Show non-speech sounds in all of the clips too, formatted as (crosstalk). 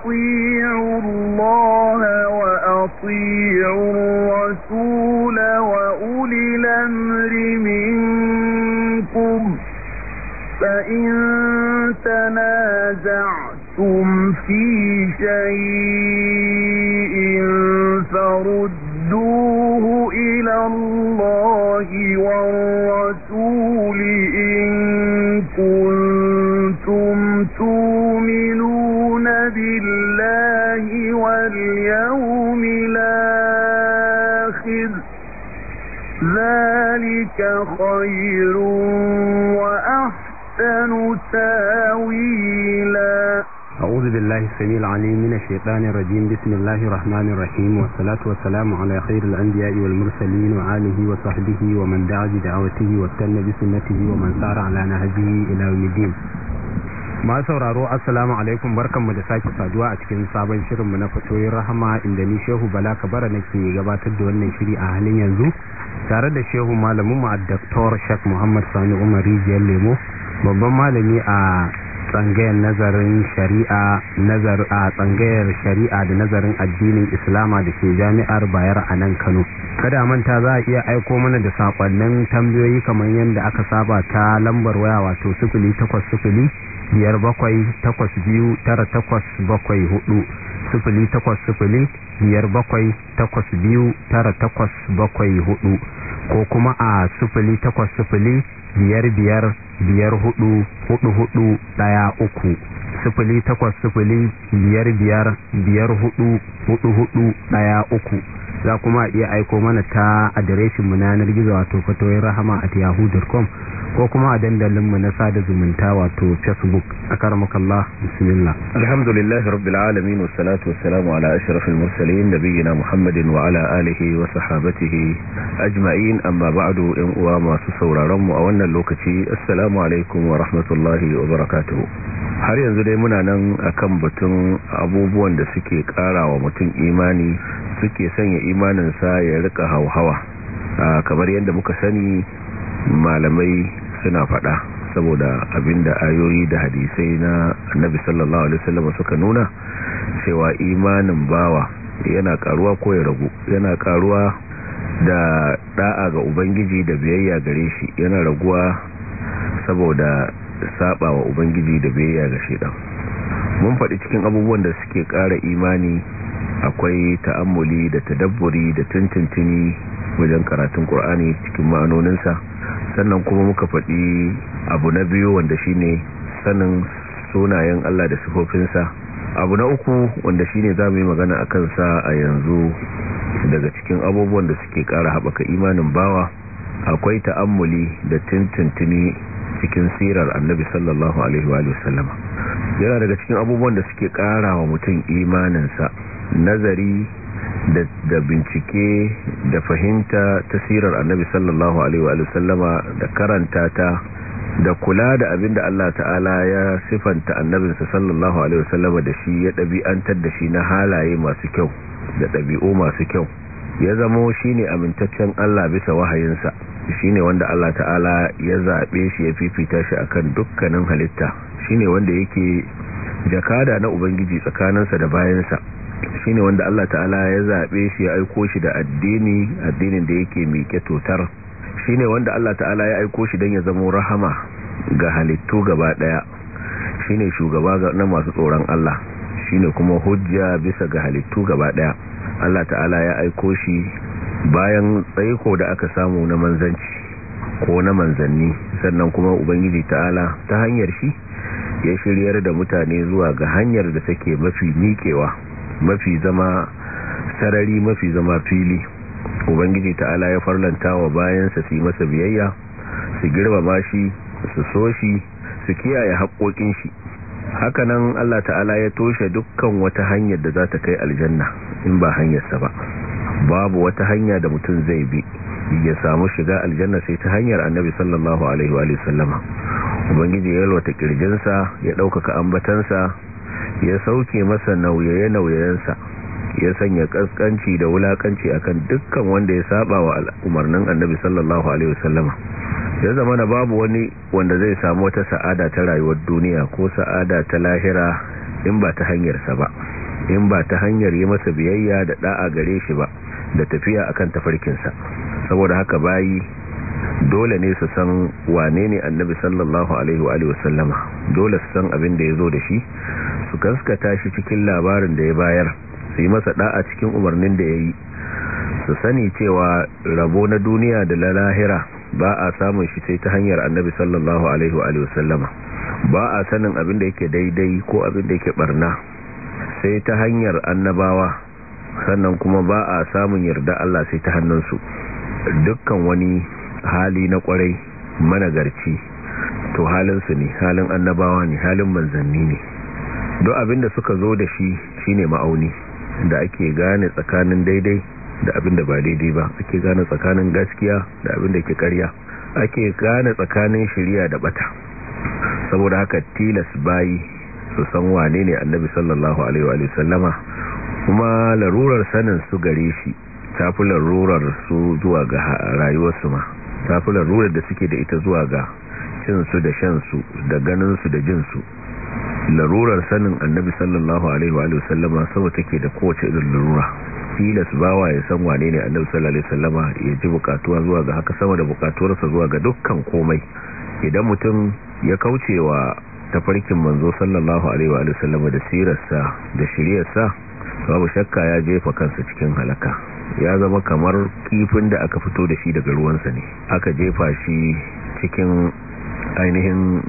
أطيعوا الله وأطيعوا الرسول وأولي الأمر منكم فإن تنازعتم في شيء فردوه إلى الله والرسول إن كنتم تؤمنون ذلك خير وأحسن تاويلا أعوذ بالله السميع العليم من الشيطان الرجيم بسم الله الرحمن الرحيم والصلاة والسلام على خير الأنبياء والمرسلين وآله وصحبه ومن دعا بدعوته واتن بسنته ومن سار على نهجه إلى يوم الدين masu sauraro assalamu alaikum barkanmu da sake saduwa a cikin sabon shirinmu na fatoyin rahama inda ni shehu bala kabara nake gabatar da wannan shiri a halin yanzu tare da shehu malamin mu dr. shak muhammad sani umar rijiyar lemo babban malami a tsangayar nazarin shari'a nazar a tsangayar shari'a da nazarin addinin islama da ke jami'ar bayar a nan kano kada manta za a iya aiko mana da sakonnin tambayoyi kamar yadda aka saba ta lambar waya wato sifili takwas sukuli biyar bakwai takwas biyu tara takwas bakwai hudu sukuli takwas sukuli biyar bakwai takwas biyu tara takwas bakwai hudu ko kuma a sufili takwas sufili biyar biyar biyar hudu hudu hudu daya uku sufili takwas sufili biyar biyar biyar hudu hudu hudu daya uku za kuma iya aiko mana ta adireshin munanar gizo wato fatoyin rahama at yahoo.com ko kuma a dandalinmu na sada zumunta wato facebook a karmakallah bismillah alhamdulillah rabbil alamin wassalatu wassalamu ala ashrafil mursalin nabiyina muhammadin wa ala alihi wa sahabatihi ajma'in amma ba'du yan uwa masu sauraron mu a wannan lokaci assalamu alaikum wa rahmatullahi wa barakatuh har yanzu dai muna nan akan batun abubuwan da suke wa mutum imani suke sanya imaninsa ya rika hauhawa ah, kamar yadda muka sani malamai suna fada saboda abinda ayoyi da hadisai na annabi sallallahu alaihi wasallam suka nuna cewa imanin bawa yana karuwa ko ya ragu yana karuwa da da'a ga ubangiji da biyayya gare shi yana raguwa saboda saba wa ubangiji da biyayya ga shedan mun faɗi cikin abubuwan da suke ƙara imani akwai ta'ammuli da tadabburi da tuntuntuni wajen karatun kur'ani cikin ma'anoninsa sannan kuma muka faɗi abu na biyu wanda shi ne sanin sunayen Allah da sifofinsa abu na uku wanda shi ne za mu yi magana a kansa a yanzu daga cikin abubuwan da suke ƙara haɓaka imanin bawa akwai ta'ammuli da tintintini cikin sirar annabi sallallahu alaihi wa yana daga cikin abubuwan da suke ƙara wa mutum imaninsa nazari da bincike da fahimta tasirar annabi sallallahu alaihi wa sallama da karanta ta da kula da abin da Allah ta'ala ya sifanta annabinsa sallallahu alaihi wa sallama da shi ya ɗabi'antar da shi na halaye masu kyau da ɗabi'u masu kyau ya zamo shi ne amintaccen Allah bisa wahayinsa shi ne wanda Allah ta'ala ya zaɓe shi ya fifita shi akan dukkanin halitta shi ne wanda yake jakada na ubangiji tsakaninsa da bayansa Shi ne wanda Allah ta'ala ya zaɓe shi ya aiko shi da addini addinin da yake miƙe totar Shi ne wanda Allah ta'ala ya aiko shi don ya zama rahama ga halittu gaba Shi ne shugaba na masu tsoron Allah Shi ne kuma hujja bisa ga halittu gaba ɗaya Allah ta'ala ya aiko shi bayan tsaiko da aka samu na manzanci ko na manzanni sannan kuma ubangiji ta'ala ta hanyar shi ya shiryar da mutane zuwa ga hanyar da take mafi miƙewa mafi zama sarari mafi zama fili ubangiji ta'ala ya farlanta wa bayansa su masa biyayya su girmama shi su so shi su kiyaye haƙoƙin shi Haka nan Allah ta'ala ya toshe dukkan wata hanyar da za ta kai aljanna in ba hanyarsa ba babu wata hanya da mutum zai bi ya samu shiga aljanna sai ta hanyar annabi sallallahu alaihi wa sallama ubangiji ya yalwata kirjinsa ya ɗaukaka ambatansa ya sauke masa nauye nauyensa ya sanya kaskanci da wulakanci akan dukkan wanda ya saba wa umarnin annabi sallallahu alaihi wasallama ya zama na babu wani wanda zai samu wata sa'ada ta rayuwar duniya ko sa'ada ta lahira in ba ta hanyarsa ba in ba ta hanyar yi masa biyayya da ɗa'a gare shi ba da tafiya akan tafarkinsa saboda haka bayi dole ne su san wane ne annabi sallallahu alaihi wa alihi dole su san abin da ya zo da shi su gaskata shi cikin labarin da ya bayar su yi masa a cikin umarnin da ya yi su sani cewa rabo na duniya da lalahira ba a samun shi sai ta hanyar annabi sallallahu alaihi wa sallama ba a sanin abin da yake daidai ko abin da yake barna sai ta hanyar annabawa sannan kuma ba a samun yarda Allah sai ta hannunsu dukkan wani hali na kwarai managarci to halinsu ne halin annabawa ne halin manzanni ne don da suka zo da shi shine ma'auni da ake gane tsakanin daidai da abinda ba daidai ba ake gane tsakanin gaskiya da abinda ke karya ake gane tsakanin shirya da bata saboda haka tilas bayi su san wane ne annabi sallallahu alaihi wa sallama kuma larurar sanin su gare shi tafi larurar su zuwa ga rayuwarsu ma tafi larurar da suke da ita zuwa ga cinsu da shansu da ganinsu da jinsu larurar sanin annabi sallallahu alaihi wa sallama sama take da kowace irin larura tilas bawa ya san wane ne annabi sallallahu alaihi wasallama ya ji bukatuwa zuwa ga haka sama da bukatuwarsa zuwa ga dukkan komai idan mutum ya kaucewa tafarkin manzo sallallahu alaihi wa sallama da sirarsa da shiriyarsa babu shakka ya jefa kansa cikin halaka ya zama kamar kifin da aka fito da shi daga ruwansa ne aka jefa shi cikin ainihin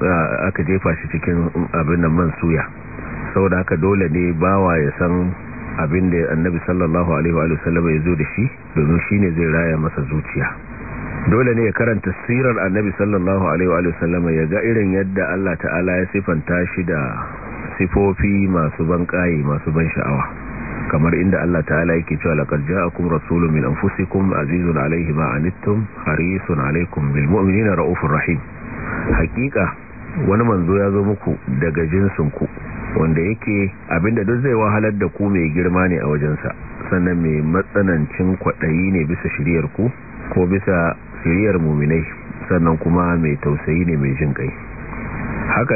aka jefa shi cikin um, abin nan man suya saboda haka dole ne bawa ya san abin da annabi sallallahu alaihi wa sallam ya zo da shi domin shine zai raya masa zuciya dole ne ya karanta sirar annabi sallallahu alaihi wa sallam ya ga irin yadda Allah ta'ala ya sifanta shi da sifofi masu ban kai masu ban sha'awa kamar inda Allah ta'ala yake cewa laqad ja'akum rasulun min anfusikum azizun alayhi ma anittum harisun alaykum bil mu'minina raufur rahim hakika wani manzo ya zo muku daga jinsin ku wanda yake abinda duk zai wahalar da ku mai girma ne a wajensa sannan mai matsanancin kwaɗayi ne bisa shiriyar ku ko bisa shiryar muminai sannan kuma mai tausayi ne mai jin kai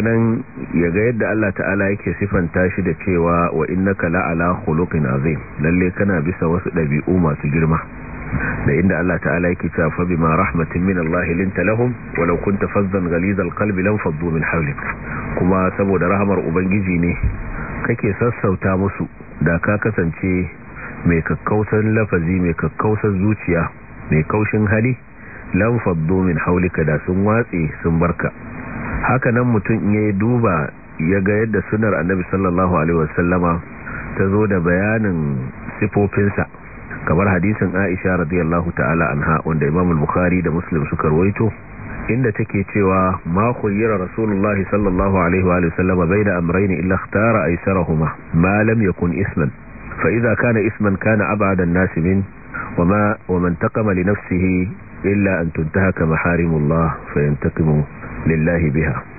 nan ya ga yadda Allah ta'ala yake sifanta shi da cewa wa innaka la'ala khuluqin azim lalle kana bisa wasu ɗabi'u masu girma da inda Allah ta'ala yake cewa fa bima rahmatin min Allah linta lahum walau kunta fazzan ghaliz alqalbi lam faddu min hawlik kuma saboda rahmar ubangiji ne kake sassauta musu da ka kasance mai kakkausan lafazi mai kakkausan zuciya mai kaushin hali lam faddu min hawlik da sun watse sun barka haka nan mutum ya duba ya ga yadda sunar annabi sallallahu alaihi wasallama ta zo da bayanin sifofinsa kamar hadisin Aisha radiyallahu ta'ala anha wanda Imam al-Bukhari da Muslim suka rawaito inda take cewa ma khayyara Rasulullahi sallallahu alaihi wa sallama baina amrayn illa ikhtara aysarahuma ma lam yakun isman fa idha kana isman kana ab'ada an-nas min wama waman taqama li nafsihi illa an tuntahaka maharimullah fayantaqimu lillahi biha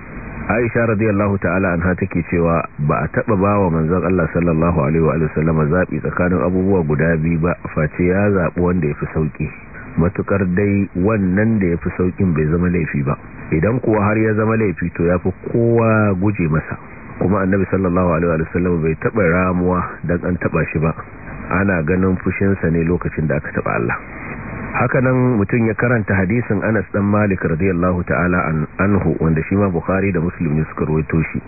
aisha radiyallahu ta'ala anha take cewa ba a taba wa manzan Allah sallallahu alaihi wa sallama zaɓi tsakanin abubuwa guda biyu ba face ya zaɓi wanda ya fi sauƙi matuƙar dai wannan da ya fi sauƙin bai zama laifi ba idan kuwa har ya zama laifi to ya fi kowa guje masa kuma annabi sallallahu alaihi wa bai taba ramuwa don an taɓa shi ba ana ganin fushinsa ne lokacin da aka taɓa Allah hakanan mutum ya karanta hadisin Anas dan Malik radiyallahu ta'ala anhu wanda shi ma Bukhari da Muslim ne suka rawaito shi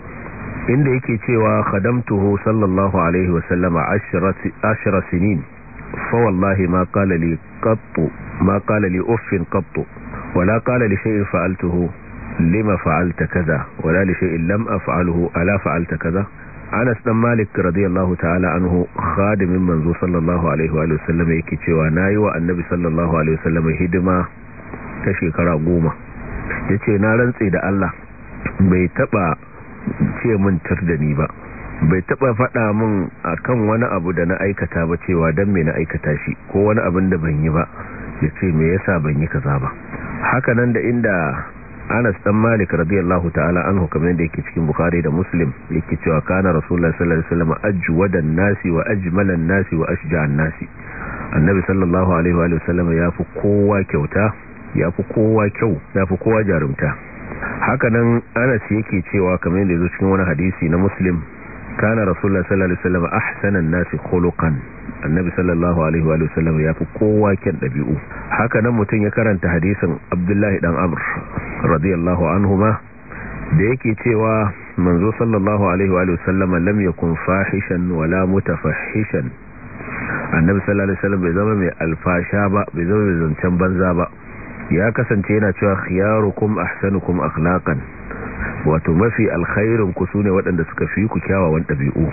inda yake cewa khadamtuhu sallallahu alaihi wa sallama ashra sinin fa wallahi ma qala li qattu ma qala li uffin qattu wala qala li shay'in fa'altuhu lima fa'alta kaza wala li shay'in lam af'alhu ala fa'alta kaza anas dan malik radiyallahu ta'ala anhu khadimin manzo sallallahu alaihi wa sallam yake cewa nayi wa annabi sallallahu alaihi wa sallam hidima ta shekara goma yace na rantse da Allah bai taba ce min tar da ni ba bai taba faɗa min akan wani abu da na aikata ba cewa dan me na aikata shi ko wani abin da ban yi ba yace me yasa ban yi kaza ba haka nan da inda anas dan malik radiyallahu ta'ala anhu kamar da yake cikin bukhari da muslim yake cewa kana rasulullahi sallallahu alaihi wasallam ajwadan nasi wa ajmalan nasi wa ashja'an nasi annabi sallallahu alaihi wa sallam yafi kowa kyauta yafi kowa kyau yafi kowa jarumta hakanan anas yake cewa kamar da yake cikin wani hadisi na muslim kana rasulullah sallallahu alaihi wasallam ahsanan nasi khuluqan annabi sallallahu alaihi wa sallam yafi kowa kyan dabi'u haka nan mutun ya karanta hadisin abdullahi dan amr radiyallahu anhuma da yake cewa manzo sallallahu alaihi wa sallama lam yakun fahishan wala mutafahishan annabi sallallahu alaihi wasallam bai zama mai alfasha ba bai zama mai zancen banza ba ya kasance yana cewa khiyarukum ahsanukum akhlaqan wato mafi alkhairin ku sune waɗanda suka fi ku kyawawan ɗabi'u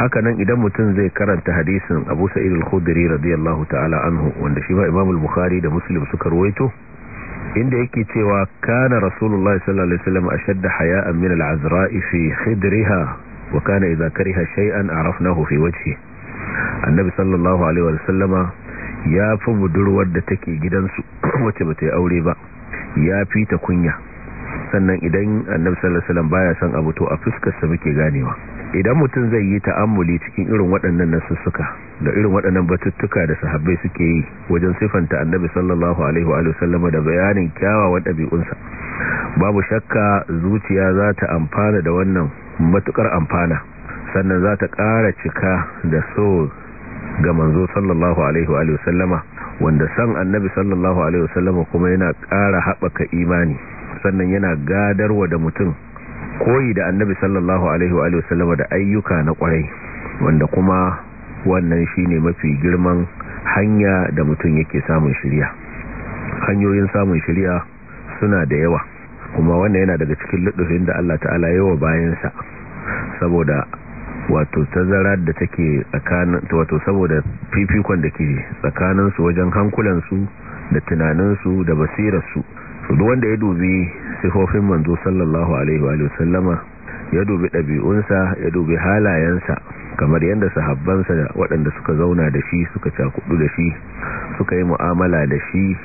haka nan idan mutum zai karanta hadisin Abu Sa'id al-Khudri radiyallahu ta'ala anhu wanda shi ma imamul al-Bukhari da Muslim suka ruwaito inda yake cewa kana rasulullahi sallallahu alaihi wasallam ashadda haya'an min al-azra'i fi khidriha wa kana idza kariha shay'an arafnahu fi wajhi annabi sallallahu alaihi wasallama ya fi budurwar da take gidansu (clears throat) wacce ba ta yi aure ba ya fi ta kunya sannan idan annabi sallallahu alaihi wasallam baya son abu to a fuskar sa muke ganewa idan mutum zai yi ta'ammuli cikin irin waɗannan nasussuka da irin waɗannan batuttuka da sahabbai suke yi wajen sifanta annabi sallallahu alaihi wa sallama da bayanin kyawawan ɗabi'unsa babu shakka zuciya za ta amfana da wannan matukar amfana sannan za ta ƙara cika da so ga manzo sallallahu alaihi wa sallama wanda san annabi sallallahu alaihi wa sallama kuma yana ƙara haɓaka imani sannan yana gadarwa da mutum koyi da annabi sallallahu alaihi wa sallama da ayyuka na kwarai wanda kuma wannan shine mafi girman hanya da mutum yake samun shirya hanyoyin samun shirya suna da yawa kuma wannan yana daga cikin ludufin da Allah ta'ala yawa bayansa saboda wato tazarar da take tsakanin wato saboda fifikon da ke tsakaninsu wajen hankulansu da tunaninsu da basirarsu su duk wanda ya dubi Sihofin manzo sallallahu alaihi wa sallama ya dubi ɗabi'unsa ya dubi halayensa kamar yadda sahabbansa waɗanda suka zauna da shi suka cakudu da shi suka yi mu'amala da shi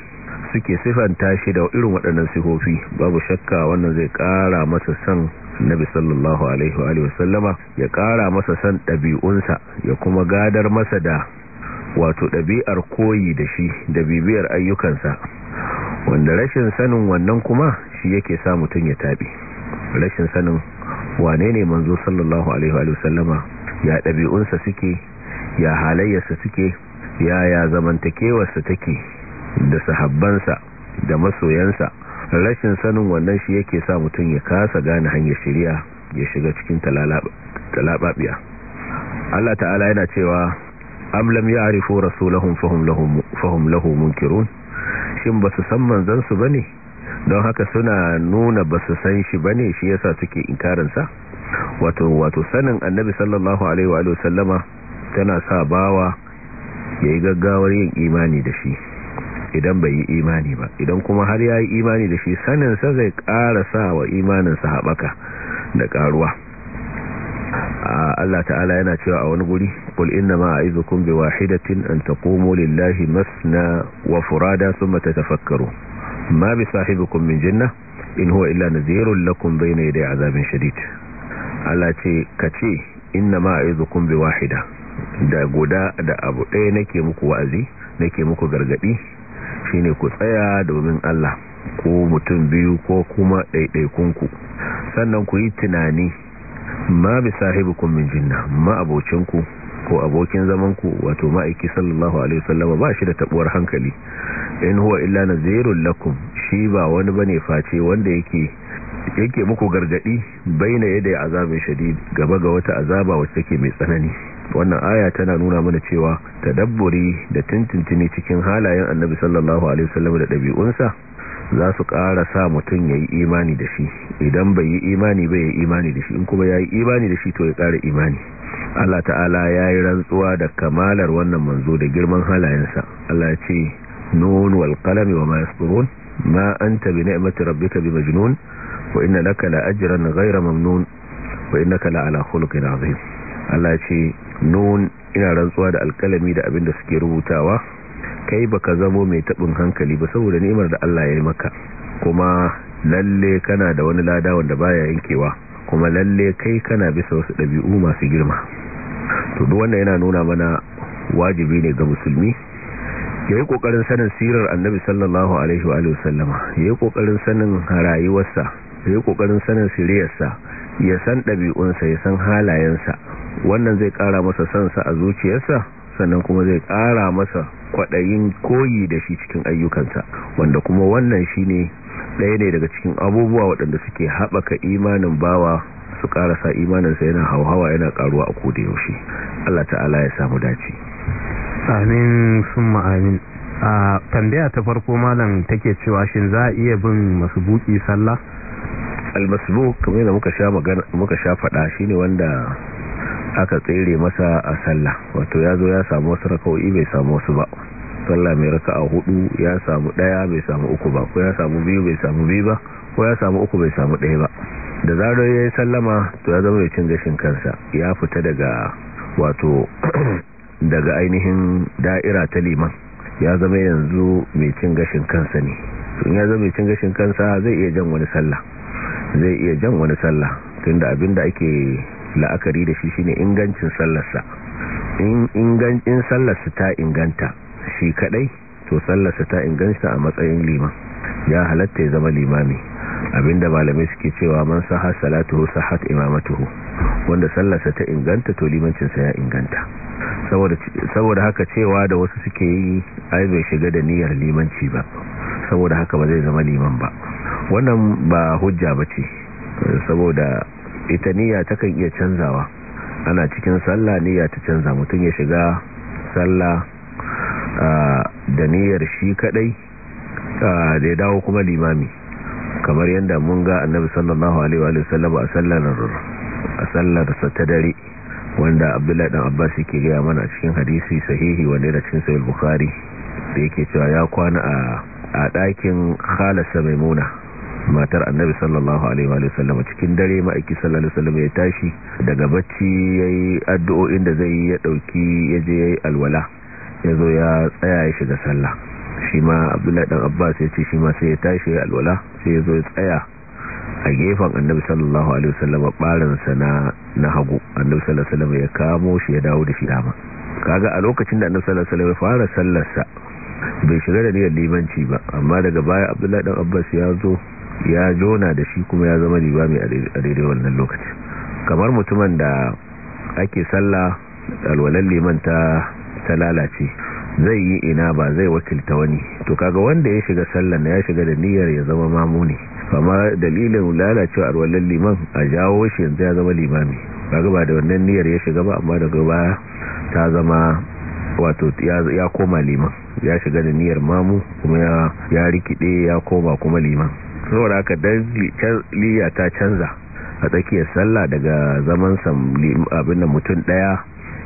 suke sifanta shi da irin waɗannan sihofi babu shakka wannan zai ƙara masa san nabi sallallahu alaihi wa sallama ya ƙara masa san ɗabi'unsa ya kuma gadar masa da wato ɗabi'ar koyi da shi da bibiyar ayyukansa wanda rashin sanin wannan kuma shi yake sa mutum ya tabi rashin sanin wane ne manzo sallallahu alaihi wa sallama ya ɗabi'unsa suke ya halayyarsa suke ya ya zamantakewarsa take da sahabbansa da masoyansa rashin sanin wannan shi yake sa mutum ya kasa gane hanyar shirya ya shiga cikin talababiya Allah ta'ala yana cewa am lam ya'rifu rasulahum fahum lahum fahum lahum munkirun shin basu san manzon su bane don haka suna nuna ba su san shi ba ne shi yasa suke inkarinsa wato wato sanin annabi sallallahu alaihi wa sallama tana sa bawa ya yi gaggawar yin imani da shi idan bai yi imani ba idan kuma har ya yi imani da shi saninsa zai ƙara sa wa imaninsa haɓaka da ƙaruwa Allah ta'ala yana cewa a wani guri kul inna ma aizukum bi wahidatin an taqumu lillahi masna wa furada thumma tatafakkaru ma bi sahibikum min janna in huwa illa nadhirun lakum bayna yaday azabin shadid Allah ce kace inna ma a'idukum bi wahida da guda da abu ɗaya nake muku wa'azi nake muku gargadi shine ku tsaya domin Allah ko mutum biyu ko kuma ɗaiɗaikunku sannan ku yi tunani ma bi sahibikum min janna ma ku. ko abokin zaman ku wato ma'aiki sallallahu alaihi wasallama ba shi da tabuwar hankali in huwa illa nazirul lakum shi ba wani bane face wanda yake yake muku gargadi baina yadda azabin shadid gaba ga wata azaba wacce take mai tsanani wannan aya tana nuna mana cewa tadabburi da tuntuntuni cikin halayen annabi sallallahu alaihi wasallam da dabi'unsa za su ƙara sa mutum ya yi imani da shi idan bai yi imani bai yi imani da shi in kuma ya yi imani da shi to ya ƙara imani Allah ta'ala ya yi rantsuwa da kamalar wannan manzo da girman halayensa Allah ce nun wal qalami wa ma yasturun ma anta bi ni'mati rabbika bi majnun wa inna laka la ajran ghayra mamnun wa innaka la ala khuluqin azim Allah ce nun ina rantsuwa da alkalami da abin da suke rubutawa kai baka zamo mai tabin hankali ba saboda ni'imar da Allah ya yi maka kuma lalle kana da wani lada wanda baya yankewa kuma lalle kai kana bisa wasu ɗabi'u masu girma to duk wanda yana nuna mana wajibi ne ga musulmi ya yi ƙoƙarin sanin sirar annabi sallallahu alaihi wa sallama ya yi ƙoƙarin sanin rayuwarsa ya yi ƙoƙarin sanin siriyarsa ya san ɗabi'unsa ya san halayensa wannan zai ƙara masa sa a zuciyarsa sannan kuma zai ƙara masa kwaɗayin koyi da shi cikin ayyukansa wanda kuma wannan shine daya ne daga cikin abubuwa waɗanda suke haɓaka imanin bawa su ƙarasa imaninsa yana hauhawa yana karuwa a koda yaushe Allah ta'ala ya samu dace amin sun ma'amin a tambaya ta farko malam take cewa shin za a iya bin buki sallah almasbu kamar da muka sha magana muka sha fada shine wanda aka tsere masa a sallah wato ya zo ya samu wasu raka'o'i bai samu wasu ba sallah mai a hudu ya samu daya bai samu uku ba ko ya samu biyu bai samu biyu ba ko ya samu uku bai samu daya ba da zarar ya yi sallama to ya zama mai cin gashin kansa ya fita daga wato (clears throat) daga ainihin da'ira ta liman ya zama yanzu mai cin gashin kansa ne in ya zama mai cin gashin kansa zai iya jan wani sallah zai iya jan wani sallah tunda da ake la'akari da shi shine ingancin sallarsa in ingancin sallarsa ta inganta shi kadai to sallarsa ta inganta a matsayin liman ya halatta ya zama limami abinda malamai suke cewa man saha sahad sahat imamatuhu wanda sallarsa ta inganta to limancinsa ya inganta saboda haka cewa da wasu suke yi ai bai shiga da niyyar limanci ba saboda haka ba zai zama liman ba wannan ba hujja ba ce saboda ita niyya takan iya canzawa ana cikin sallah niyya ta canza mutum ya shiga sallah da niyyar shi kadai da ya dawo kuma limami kamar yadda mun ga annabi sallallahu alaihi wa sallam a sallar ta dare wanda abdullahi dan abbas yake gaya mana cikin hadisi sahihi wanda yana cikin sahih bukhari da yake cewa ya kwana a a dakin khalasa maimuna matar annabi sallallahu alaihi wa sallam cikin dare ma'aiki sallallahu alaihi sallam ya tashi daga bacci yayi addu'o'in da zai ya dauki yaje yayi alwala ya zo ya tsaya ya shiga sallah shi ma abdullahi dan abbas ya ce shi ma sai ya tashi ya alwala sai ya zo ya tsaya a gefen annabi sallallahu alaihi wasallam barinsa na na hagu annabi sallallahu alaihi wasallam ya kamo shi ya dawo da shi dama kaga a lokacin da annabi sallallahu alaihi wasallam ya fara sallarsa bai shiga da niyyar limanci ba amma daga baya abdullahi dan abbas ya zo ya jona da shi kuma ya zama limami a daidai wannan lokaci kamar mutumin da ake sallah alwalan liman ta ta lalace zai yi ina ba zai wakilta wani to kaga wanda ya shiga sallan ya shiga da niyyar ya zama mamuni amma dalilin lalacewa arwallan liman a jawo shi yanzu ya zama limami kaga ba da wannan niyyar ya shiga ba amma daga baya ta zama wato ya koma liman ya shiga da niyyar mamu kuma ya rikide ya koma kuma liman saboda haka liya ta canza a tsakiyar sallah daga zaman abin da mutum daya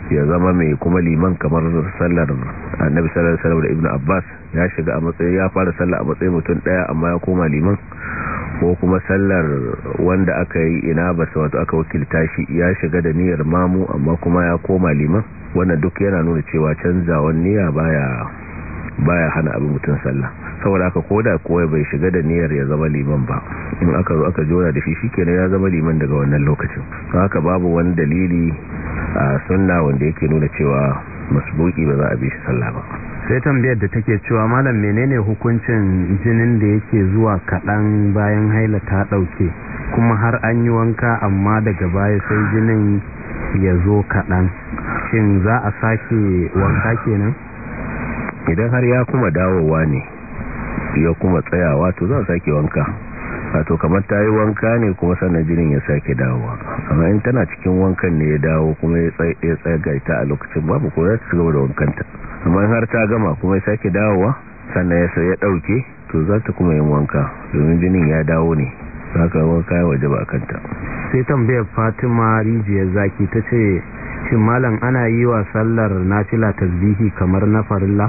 ya zama mai kuma liman kamar sallar annabi sallar sallar da ibnu abbas ya shiga a matsayi ya fara sallar a matsayin mutum daya amma ya koma liman ko kuma sallar wanda aka yi ina ba wata wato aka wakilta shi ya shiga da niyyar mamu amma kuma ya koma liman wannan duk yana nuna cewa canzawan niyya baya baya hana abin mutum sallar. saboda ko da kowai bai shiga da niyyar ya zama liman ba in aka zo aka jona da shi shikenan ya zama liman daga wannan lokacin haka babu wani dalili a sunna wanda yake nuna cewa masbuki ba za a bi shi sallah ba sai tambayar da take cewa malam menene hukuncin jinin da yake zuwa kaɗan bayan haila ta ɗauke kuma har an yi wanka amma daga baya sai jinin ya zo kaɗan shin za a sake wanka kenan idan har ya kuma dawowa ne ya kuma tsayawa to zan sake wanka wato kamar ta yi wanka ne kuma sannan jinin ya sake dawowa amma in tana cikin wankan ne ya dawo kuma ya tsagaita a lokacin babu ko za ta cigaba da wankanta amma har ta gama kuma ya sake dawowa sannan ya sai ya ɗauke to za ta kuma yin wanka domin jinin ya dawo ne za ka wanka ya waje ba a kanta sai tambayar fatima rijiyar zaki ta ce shin malam ana yi wa sallar nafila tasbihi kamar na farilla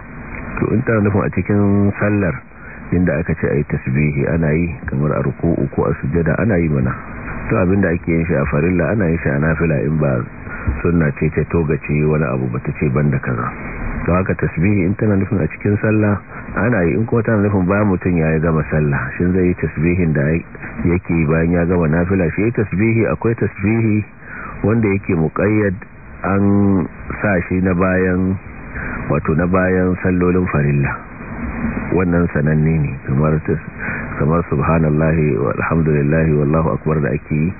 to in ta nufin a cikin sallar inda aka ce a yi tasbihi ana yi kamar a ruku'u ko a sujada ana yi mana to abinda ake yin shi a farilla ana yin shi a nafila in ba sunna ce ce toga ce wani abu ba ta ce banda kaza to haka tasbihi in tana nufin a cikin sallah ana yi in kuma tana nufin ba mutum ya yi gama sallah shin zai yi tasbihin da yake bayan ya gama nafila shi tasbihi akwai tasbihi wanda yake muqayyad an sa shi na bayan wato na bayan sallolin farilla wannan sananne ne kamar kamar subhanallahi walhamdulillahi wallahu akbar da ake yi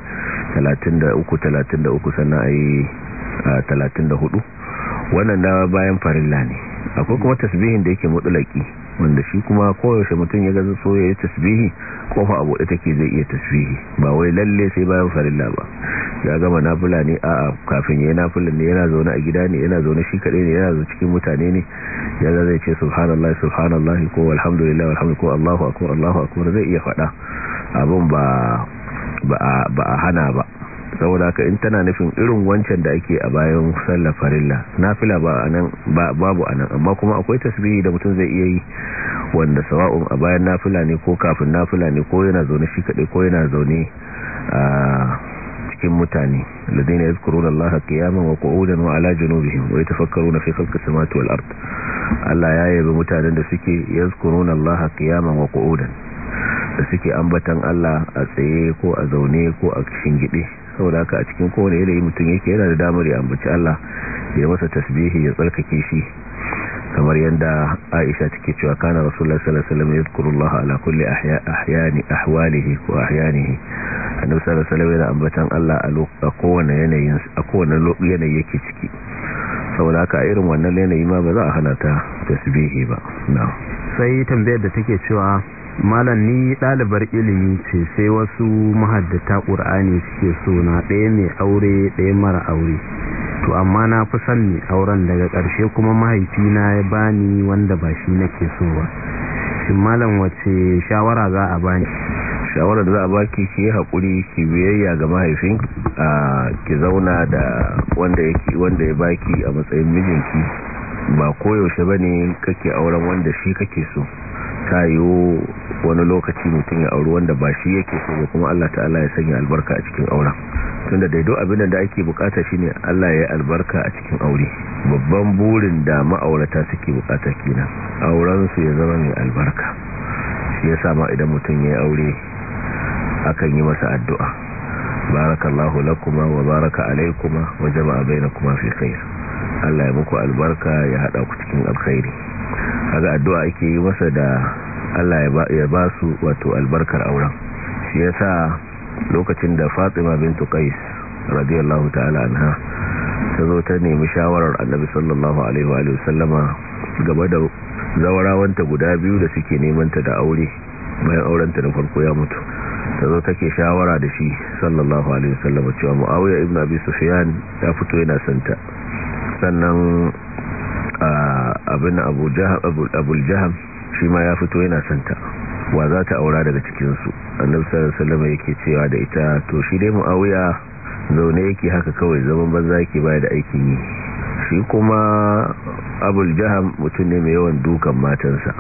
33 33 sannan ayi 34 wannan da bayan farilla ne akwai kuma tasbihin da yake mutulaki wanda shi kuma koyaushe mutum ya ga so ya yi tasbihi kofa abu da take zai iya tasbihi ba wai lalle sai bayan farilla ba ya gama nafila ne a kafin yana nafila ne yana zaune a gida ne yana zaune shi kadai ne yana zaune cikin mutane ne ya zai ce subhanallahi subhanallahi ko alhamdulillah alhamdulillah ko Allahu akbar Allahu akbar zai iya faɗa abun ba ba a hana ba saboda ka in tana nufin irin wancan da ake a bayan sallar farilla nafila ba anan ba babu anan amma kuma akwai tasbihi da mutum zai iya yi wanda sawa'un a bayan nafila ne ko kafin nafila ne ko yana zaune shi kadai ko yana zaune a cikin mutane ladina yadhkuruna allaha qiyaman wa qu'udan wa ala junubihim wa yatafakkaruna fi khalqis samawati wal ard Allah ya yabi mutanen da suke yadhkuruna allaha qiyaman wa qu'udan da suke ambatan Allah a tsaye ko a zaune ko a gide saboda haka a cikin kowane yanayi mutum yake yana da damar ya ambaci Allah ya masa tasbihi ya tsarkake shi kamar yadda Aisha take cewa kana Rasulullahi sallallahu alaihi wasallam Allah ala kulli ahyani ahwalihi wa ahyanihi Annabi sallallahu alaihi wasallam yana ambatan Allah a kowane a yanayi yake ciki saboda haka irin wannan yanayi ma ba za a hana ta tasbihi ba na sai tambayar da take cewa malam ni ɗalibar ilimi ce sai wasu mahaddata ƙur'ani suke so na ɗaya mai aure ɗaya mara aure to amma na fi son mai auren daga ƙarshe kuma mahaifina ya bani wanda ba shi nake so ba shi malam wace shawara za a bani shawara da za a baki ki yi haƙuri ki biyayya ga mahaifin ki zauna da wanda ya baki a matsayin mijinki ba koyaushe ba ne kake auren wanda shi kake so ta yiwu wani lokaci mutum ya auri wanda ba shi yake so kuma Allah ta'ala ya sanya albarka a cikin auren tunda daido abin da ake bukata shine Allah ya yi albarka a cikin aure babban burin da ma'aurata suke bukata kenan auren su ya zama mai albarka shi yasa ma idan mutum ya yi aure akan yi masa addu'a barakallahu lakuma wa baraka alaykuma wa jama'a bainakuma fi khair Allah ya muku albarka ya hada ku cikin alkhairi kaga addu'a ake yi masa da Allah ya ba su wato albarkar auren shi yasa lokacin da Fatima bintu Qais radiyallahu ta'ala anha ta zo ta nemi shawarar Annabi sallallahu alaihi wa sallama game da zawarawanta guda biyu da suke neman ta da aure bayan aurenta da farko ya mutu ta zo take shawara da shi sallallahu alaihi sallama cewa muawiya ibn abi sufyan ya fito yana santa sannan abin abul jaham shi ma ya fito yana santa wa za ta aura daga cikinsu annabi salama yake cewa da ita to shi dai muawiya zaune yake haka kawai zaman banza yake baya da aikin yi shi kuma abul jaham mutum ne mai yawan dukan matansa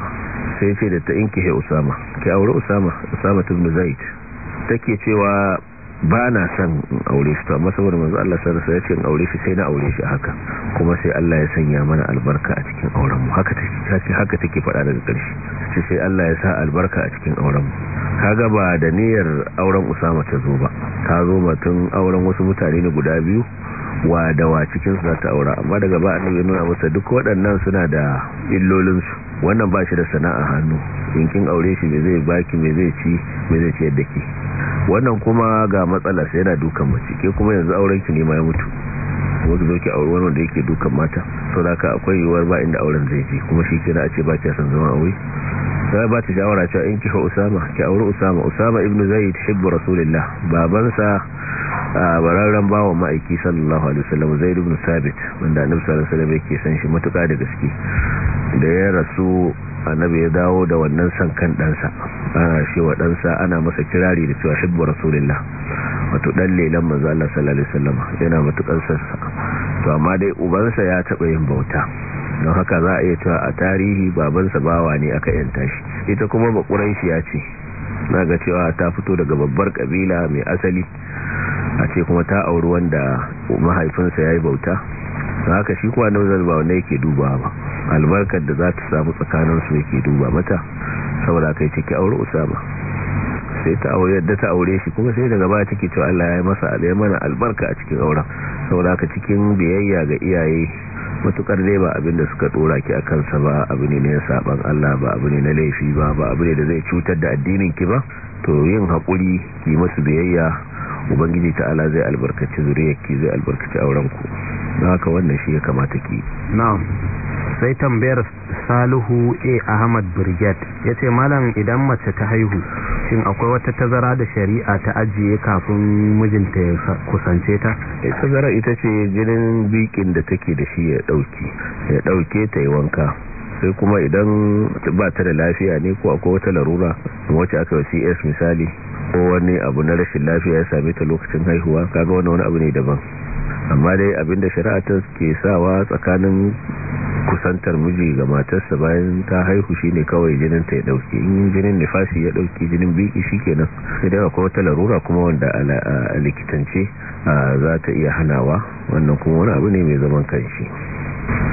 sai ce da ta he usama ke aure usama usama tun da zaid take cewa ba na son aure shi to amma saboda manzo Allah sallallahu ya ce aure shi sai na aure shi haka kuma sai Allah ya sanya mana albarka a cikin auren mu haka take haka faɗa daga ƙarshe sai sai Allah ya sa albarka a cikin auren mu kaga ba da niyyar auren Usama ta zo ba ta zo tun auren wasu mutane ne guda biyu wa da wa cikin su za ta aura amma daga ba annabi nuna masa duk waɗannan suna da illolin su wannan ba shi da sana'a hannu yankin aure shi mai zai baki me zai ci mai zai ciyar da ke wannan kuma ga matsala sai yana dukan mace ke kuma yanzu auren ki ne ma ya mutu wanda zo ki aure wanda yake dukan mata saboda akwai yiwuwar ba inda auren zai je kuma shi kira a ce ba ki san zama aure sai ba ta shawara cewa in kifa usama ki auri usama usama ibnu zaid hibbu rasulillah babansa bararren bawa ma'aiki sallallahu alaihi wasallam zaid ibn sabit wanda annabi sallallahu alaihi wasallam yake san shi matuƙa da gaske da ya rasu annabi ya dawo da wannan san kan sa ana cewa sa ana masa kirari da cewa hibbu rasulillah wato dan lelan manzo Allah sallallahu alaihi wasallam yana matuƙar sa to amma dai ubansa ya taɓa yin bauta don haka za a iya cewa a tarihi babansa bawa ne aka yanta shi ita kuma bakuran shi ya ce na ga cewa ta fito daga babbar kabila mai asali a ce kuma ta auri wanda mahaifinsa ya yi bauta don haka shi kuwa na bawa na yake duba ba albarkar da za ta samu tsakaninsu yake duba mata saboda kai ciki auri usama sai ta aure yadda ta aure shi kuma sai daga baya take cewa Allah ya masa alai mana albarka a cikin auren saboda ka cikin biyayya ga iyaye matukar dai ba abin da suka tsora ki a sa ba abu ne na saban Allah ba abu ne na laifi ba ba abu ne da zai cutar da addinin ki ba to yin haƙuri ki masu biyayya ubangiji ta ala zai albarkaci zuriyarki zai albarkaci auren ku haka wannan shi ya kamata ki na sai tambayar salihu a ahmad birged ya ce malam idan mace ta haihu shin akwai wata tazara da shari'a ta ajiye kafin mijinta ya kusance ta eh, tazara ita ce jinin bikin da take da shi ya dauki ya dauke ta yi wanka sai kuma idan ba ta da lafiya ne ko akwai wata larura wacce aka cs misali ko wani abu na rashin lafiya ya same ta lokacin haihuwa kaga wani wani abu ne daban amma dai abinda shari'a ta ke sawa tsakanin kusantar miji ga matarsa bayan ta haihu shine kawai jinin ta ya dauke in jinin nifasi ya dauke jinin biki shikenan sai dai akwai wata larura kuma wanda a likitance za ta iya hanawa wannan kuma wani abu ne mai zaman kanshi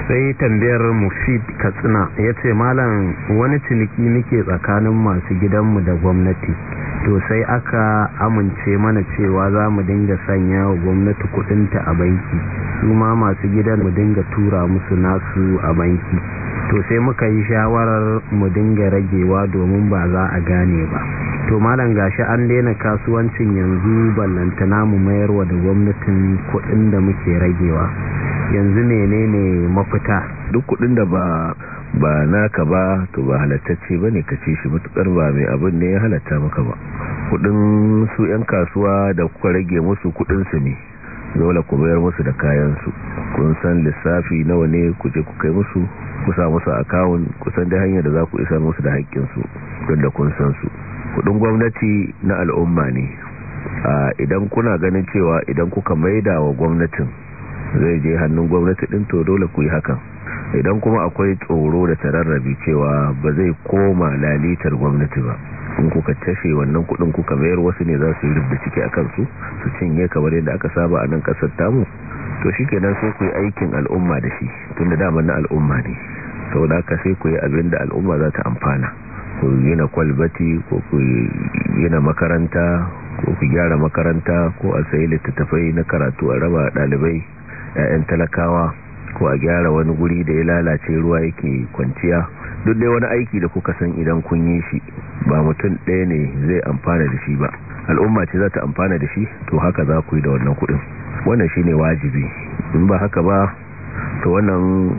sai tambayar mufid katsina ya ce malam wani ciniki nike tsakanin masu gidanmu da gwamnati to sai aka amince mana cewa za mu dinga sanya wa gwamnati kudinta a banki su ma masu gidan mu dinga tura musu nasu a banki to sai muka yi shawarar mu dinga ragewa domin ba za a gane ba to malam gashi an daina kasuwancin yanzu ballantana mu mayarwa da gwamnatin kudin da muke ragewa yanzu menene mafita duk kudin da ba ba naka ba to ba ba bane ka ce shi mutukar ba mai abin ne ya halatta maka ba kudin su yan kasuwa da kuka rage musu kudin su ne dole ku bayar musu da kayan su kun san lissafi nawa ne ku je ku kai musu ku sa musu akawun ku san da hanyar da za ku isa musu da haƙƙin su don da kun san su kudin gwamnati na al'umma ne idan kuna ganin cewa idan kuka maida wa gwamnatin zai je hannun gwamnati din to dole ku yi hakan idan kuma akwai tsoro da tararrabi cewa ba zai koma lalitar gwamnati ba in kuka tashe wannan kudin kuka mayar wasu ne za su yi rubda ciki a kansu su cinye kamar yadda aka saba a nan kasar tamu to shi kenan sai ku yi aikin al'umma da shi tun da daman na al'umma ne sau da aka sai ku yi abin da al'umma za ta amfana ku na kwalbati ko ku na makaranta ko ku gyara makaranta ko a sayi littattafai na karatu a raba ɗalibai 'ya'yan talakawa ko a gyara wani guri da ya lalace ruwa yake kwanciya duk dai wani aiki da kuka san idan kun yi shi ba mutum ɗaya ne zai amfana da shi ba al'umma ce za ta amfana da shi to haka za ku yi da wannan kuɗin wannan shi ne wajibi in ba haka ba to wannan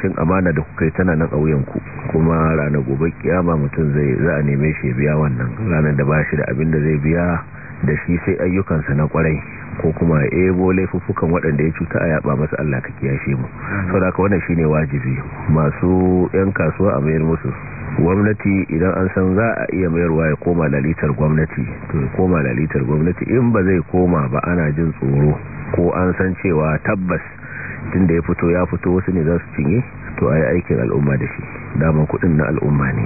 cin amana da kuka yi tana nan ƙauyenku kuma rana gobe kiyama mutum zai za a neme shi ya biya wannan ranar da ba shi da abin da zai biya da shi sai ayyukansa na kwarai ko kuma ebo laifuffukan waɗanda ya cuta a yaba masu Allah ka kiyashe mu wanda wannan ne wajibi masu yan kasuwa a mayar musu gwamnati idan an san za a iya mayarwa ya koma lalitar gwamnati to ya koma lalitar gwamnati in ba zai koma ba ana jin tsoro ko an san cewa tabbas tunda ya fito ya fito wasu ne za su cinye to a yi aikin al'umma da shi daman kuɗin na al'umma ne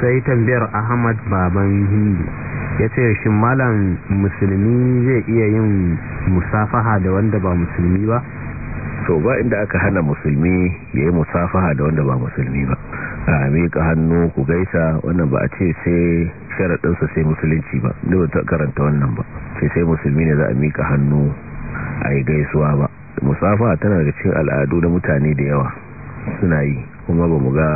sai tambayar ahmad baban hindi ya ce shi malam musulmi zai iya yin musafaha da wanda ba musulmi ba so ba inda aka hana musulmi ya yi musafaha da wanda ba musulmi ba a miƙa hannu ku gaisa wannan ba a ce sai sharaɗinsa sai musulunci ba ne da ta karanta wannan ba sai sai musulmi ne za a miƙa hannu a yi gaisuwa ba musafaha tana da cikin al'adu na mutane da yawa suna yi kuma ba mu ga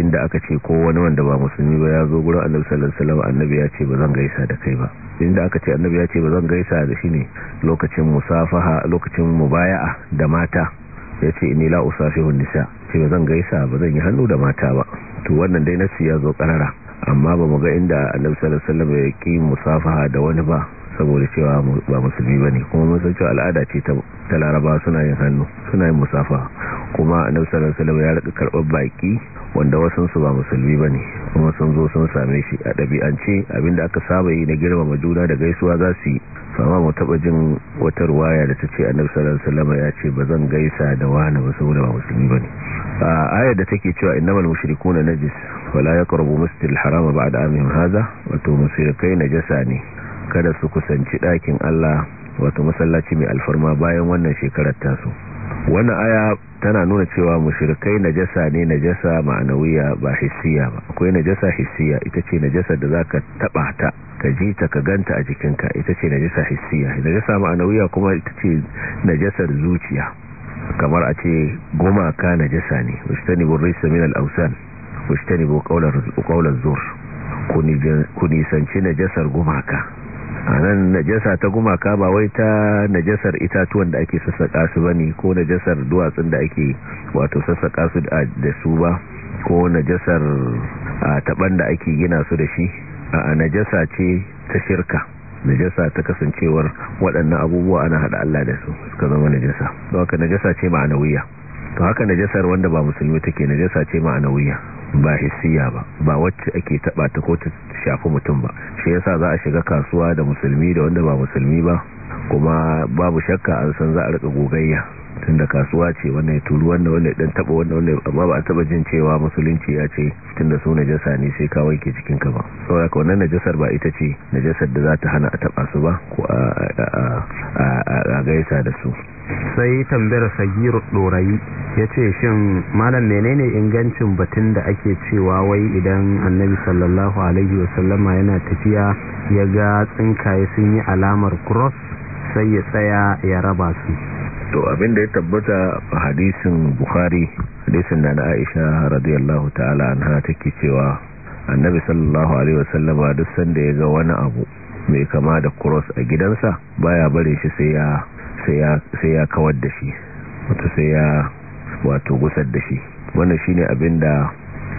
inda aka ce ko wani wanda ba musulmi ba ya zo gurin annabi sallallahu alaihi wasallam annabi ya ce ba zan gaisa da kai ba inda aka ce annabi ya ce ba zan gaisa da shi ne lokacin musafaha lokacin mubaya'a da mata ya ce inni la usafihu nisa ce ba zan gaisa ba zan yi hannu da mata ba to wannan dai nasi ya zo karara amma ba mu ga inda annabi sallallahu alaihi ya ki musafaha da wani ba saboda cewa ba musulmi ba ne kuma mun san cewa al'ada ce ta laraba suna yin hannu suna yin musafa kuma a sallallahu alaihi ya rika karɓar baki wanda wasan su ba musulmi bane kuma sun zo sun same shi a ɗabi'ance abinda aka saba yi na girmama juna da gaisuwa za su yi sama mu taɓa jin wata ruwaya da tace a sallallahu alaihi salama ya ce ba zan gaisa da wani ba saboda ba musulmi bane a ayar da take cewa inna innamal na najis wala yaqrabu masjidal harama ba'da amin hada wato musyrikai najasa ne kada su kusanci ɗakin Allah wato masallaci mai alfarma bayan wannan shekarar tasu wannan aya tana nuna cewa mushrikai najasa ne najasa ma'anawiya ba hissiya ba akwai najasa hissiya ita ce najasa da zaka taba ta ka ji ta ka ganta a jikinka ita ce najasa hissiya najasa ma'anawiya kuma ita ce najasar zuciya kamar a ce gumaka najasa ne bu rijsa min al-awsan bu qawla zur ku nisanci najasar gumaka a nan najasa ta gumaka ba wai ta najasar itatuwan da ake sassaƙa su ba ne ko najasar duwatsun da ake wato sassaƙa su da su ba ko najasar taɓan da ake gina su da shi a najasa ce ta shirka najasa ta kasancewar waɗannan abubuwa ana haɗa Allah da su suka zama najasa don najasa ce ma'anawiya to haka najasar wanda ba musulmi take najasa ce ma anawiya ba hissiya ba ba wacce ake taba ta ko shafi mutum ba shi yasa za a shiga kasuwa da musulmi da wanda ba musulmi ba kuma babu shakka an san za a rika gogayya tunda kasuwa ce wannan ya turu wannan wannan dan taba wannan wanda amma ba a taba jin cewa musulunci ya ce tunda su najasa ne sai kawai ke cikin ka ba saboda ka wannan najasar ba ita ce najasar da za ta hana a taba su ba ko a gaisa da su sai tambayar sagiru dorayi ya ce shin malam menene ingancin batun da ake cewa wai idan annabi sallallahu alaihi wasallama yana tafiya ya ga tsinkaye sun yi alamar cross sai ya tsaya ya raba su to abinda ya tabbata a hadisin bukhari hadisin da na aisha radiyallahu ta'ala anha take cewa annabi sallallahu alaihi wasallama duk sanda ya ga wani abu mai kama da cross a gidansa baya bare shi sai ya kawar da shi wato sai ya wato gusar da shi wannan shine abinda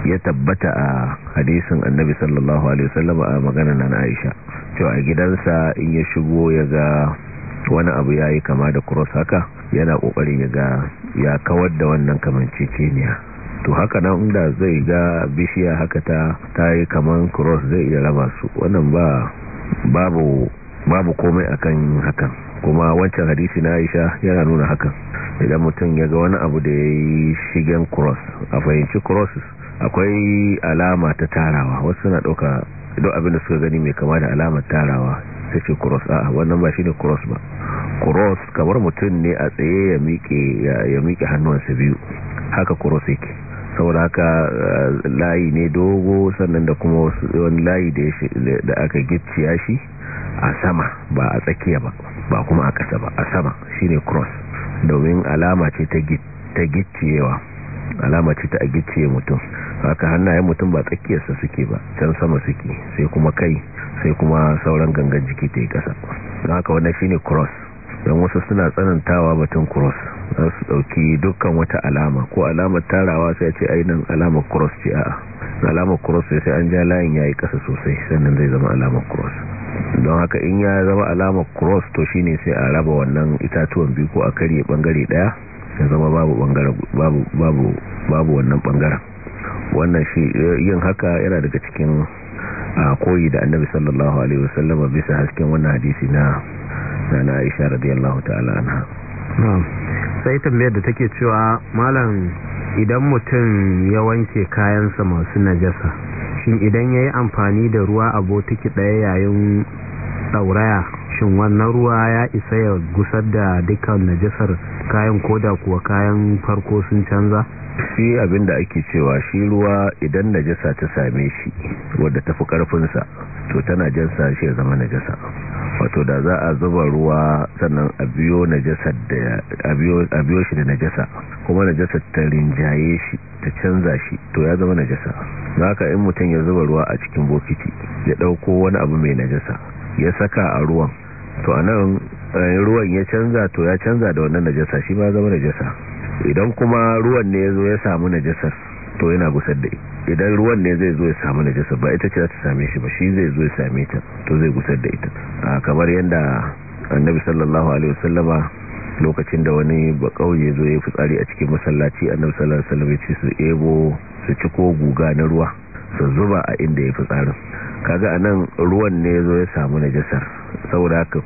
ya tabbata a hadisin annabi sallallahu alaihi wasallama a maganar na aisha cewa a gidansa in ya shigo ya ga wani abu ya yi kama da cross haka yana kokarin ya ga ya kawar da wannan kamanceceniya to haka nan inda zai ga bishiya haka ta ta yi kaman cross zai iya raba su wannan ba babu babu komai akan hakan kuma wancan hadisi na Aisha yana nuna hakan idan mutum ya ga wani abu da ya yi shigen cross a fahimci crosses akwai alama ta tarawa wasu na dauka idan abin da suka gani mai kama da alamar tarawa sai ce cross a wannan ba shi ne cross ba cross kamar mutum ne a tsaye ya miƙe ya hannuwansa biyu haka cross yake saboda haka eh, layi ne dogo sannan da kuma wani layi da aka gicciya shi a sama ba a tsakiya ba ba kuma a ƙasa ba a sama shine cross domin alama ce ta gicciyewa alama ce ta gicciye mutum haka hannaye mutum ba tsakiyarsa suke ba can sama suke sai kuma kai sai kuma sauran gangan jiki ta yi kasa don haka wannan shine cross don wasu suna tsanantawa batun cross don su ɗauki dukkan wata alama ko alamar tarawa sai ce ainihin alamar cross ce a'a alamar cross sai an ja layin ya yi kasa sosai sannan zai zama alamar cross don haka in ya zama alamar cross to shine sai a raba wannan itatuwan biyu ko a karye bangare ɗaya ya zama babu babu wannan bangaren wannan shi yin haka yana daga cikin koyi da annabi sallallahu alaihi wasallam bisa hasken wannan hadisi na na Aisha radiyallahu ta'ala anha sai tambayar da take cewa malam idan mutum ya wanke kayansa masu najasa shin idan yayi amfani da ruwa a botiki daya yayin dauraya shin wannan ruwa ya isa ya gusar da dukkan najasar kayan koda kuwa kayan farko sun canza shi da ake cewa shi ruwa idan najasa ta same shi wadda ta fi karfinsa to tana jasa shi ya zama najasa wato da za a zuba ruwa sannan a biyo shi da najasa kuma najasa ta rinjaye shi ta canza shi to ya zama najasa za ka in mutum ya zuba ruwa a cikin bokiti ya ɗauko wani abu mai najasa ya saka a ruwan to a nan eh, ruwan ya canza to ya canza da wannan najasa shi ba zama najasa idan kuma ruwan ne ya zo ya samu na najasar to yana gusar da ita idan ruwan ne zai zo ya samu na najasar ba ita ce za ta same shi ba shi zai zo ya same ta to zai gusar da ita a kamar yadda annabi sallallahu alaihi wasallama lokacin da wani ya zo ya fitsari a cikin masallaci annabi sallallahu alaihi wasallam ya ce su ebo su ci ko guga na ruwa su zuba a inda ya fitsarin kaga anan ruwan ne zo ya samu najasar saboda haka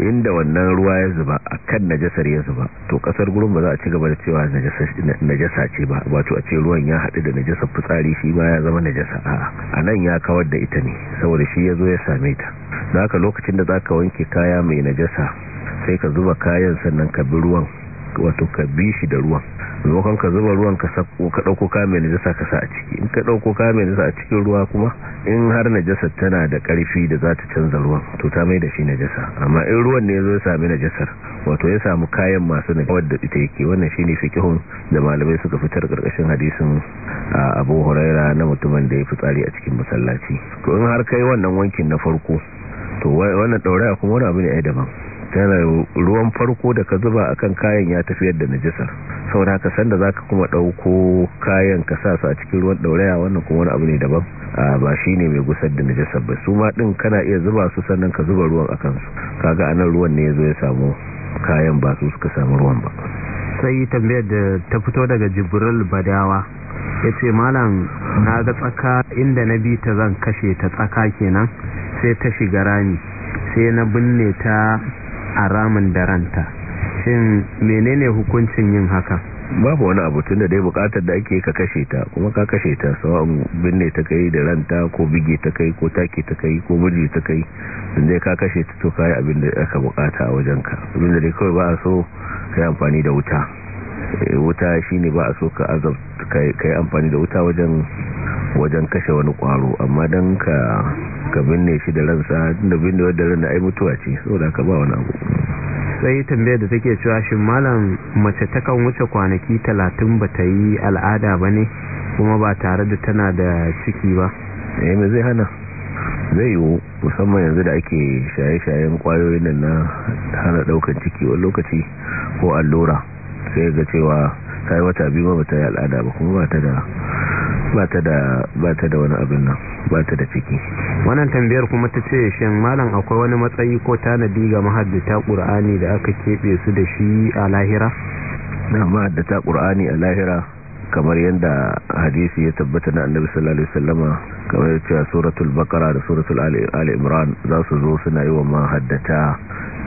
inda wannan ruwa ya zuba a kan najasar ya zuba to kasar gurin ba za a ci gaba da cewa najasa ce ba wato a ce ruwan ya haɗu da najasar fitsari shi ba ya zama najasa a a nan ya kawar da ita ne saboda shi ya zo ya same ta da haka lokacin da za ka wanke kaya mai najasa sai ka zuba kayan sannan ka bi ruwan wato ka bi shi da ruwan maimakon ka zuba ruwan ka sako ka dauko najasa ka sa a ciki in ka dauko da a cikin ruwa kuma in har najasar tana da karfi da za ta canza ruwan to ta mai da shi najasa amma in ruwan ne zai sami najasar wato ya samu kayan masu najasa wadda ita yake wannan shine fikihun da malamai suka fitar ƙarƙashin hadisin Abu Huraira na mutumin da ya fitsari a cikin masallaci to in har kai wannan wankin na farko to wannan dauraya kuma wani abu ne ai daban tana ruwan farko da ka zuba akan kayan ya tafi yadda sau san haka sanda ka kuma dauko kayan ka sa su a cikin ruwan dauraya wannan kuma wani abu ne daban ba shi ne mai gusar da najasa ba su ma din kana iya zuba su sannan ka zuba ruwan akan su kaga anan ruwan ne ya zo ya samu kayan ba su suka samu ruwan ba sai tambayar da ta fito daga jibril badawa ya ce malam na ga tsaka inda na bi ta zan kashe ta tsaka kenan sai ta shiga rami sai na binne ta haramun daranta ranta shin menene hukuncin yin haka babu wani abu tun da dai bukatar da ake ka kashe ta kuma ka kashe ta sawa'un binne ta kai da ranta ko bige ta kai ko take ta kai ko miji ta kai tun dai ka kashe ta to kayi abin da aka bukata a wajenka abin da dai kawai ba a so ka yi amfani da wuta eh, wuta shine ba a so ka azab kai amfani da wuta wajen wajen kashe wani kwaro amma dan ka ka binne shi da ransa da binne wadda ran da ai mutuwa ce saboda ka ba wani abu sai tambayar da take cewa shin malam mace ta kan wuce kwanaki talatin ba ta yi al'ada ba ne kuma ba tare da tana da ciki ba eh me zai hana zai yiwu musamman yanzu da ake shaye-shayen kwayoyin nan na hana ɗaukar ciki wani lokaci ko allura sai ga cewa ta wata biyu ba ta yi al'ada ba kuma ba ta da wani abin nan ba ta da ciki wannan tambayar kuma ta ce shin malam akwai wani matsayi ko tanadi ga mahaddata qur'ani da aka keɓe su da shi a lahira na mahaddata qur'ani a lahira kamar yadda hadisi ya tabbata na annabi sallallahu alaihi wasallama kamar cewa suratul baqara da suratul ali imran za su zo suna yi wa mahaddata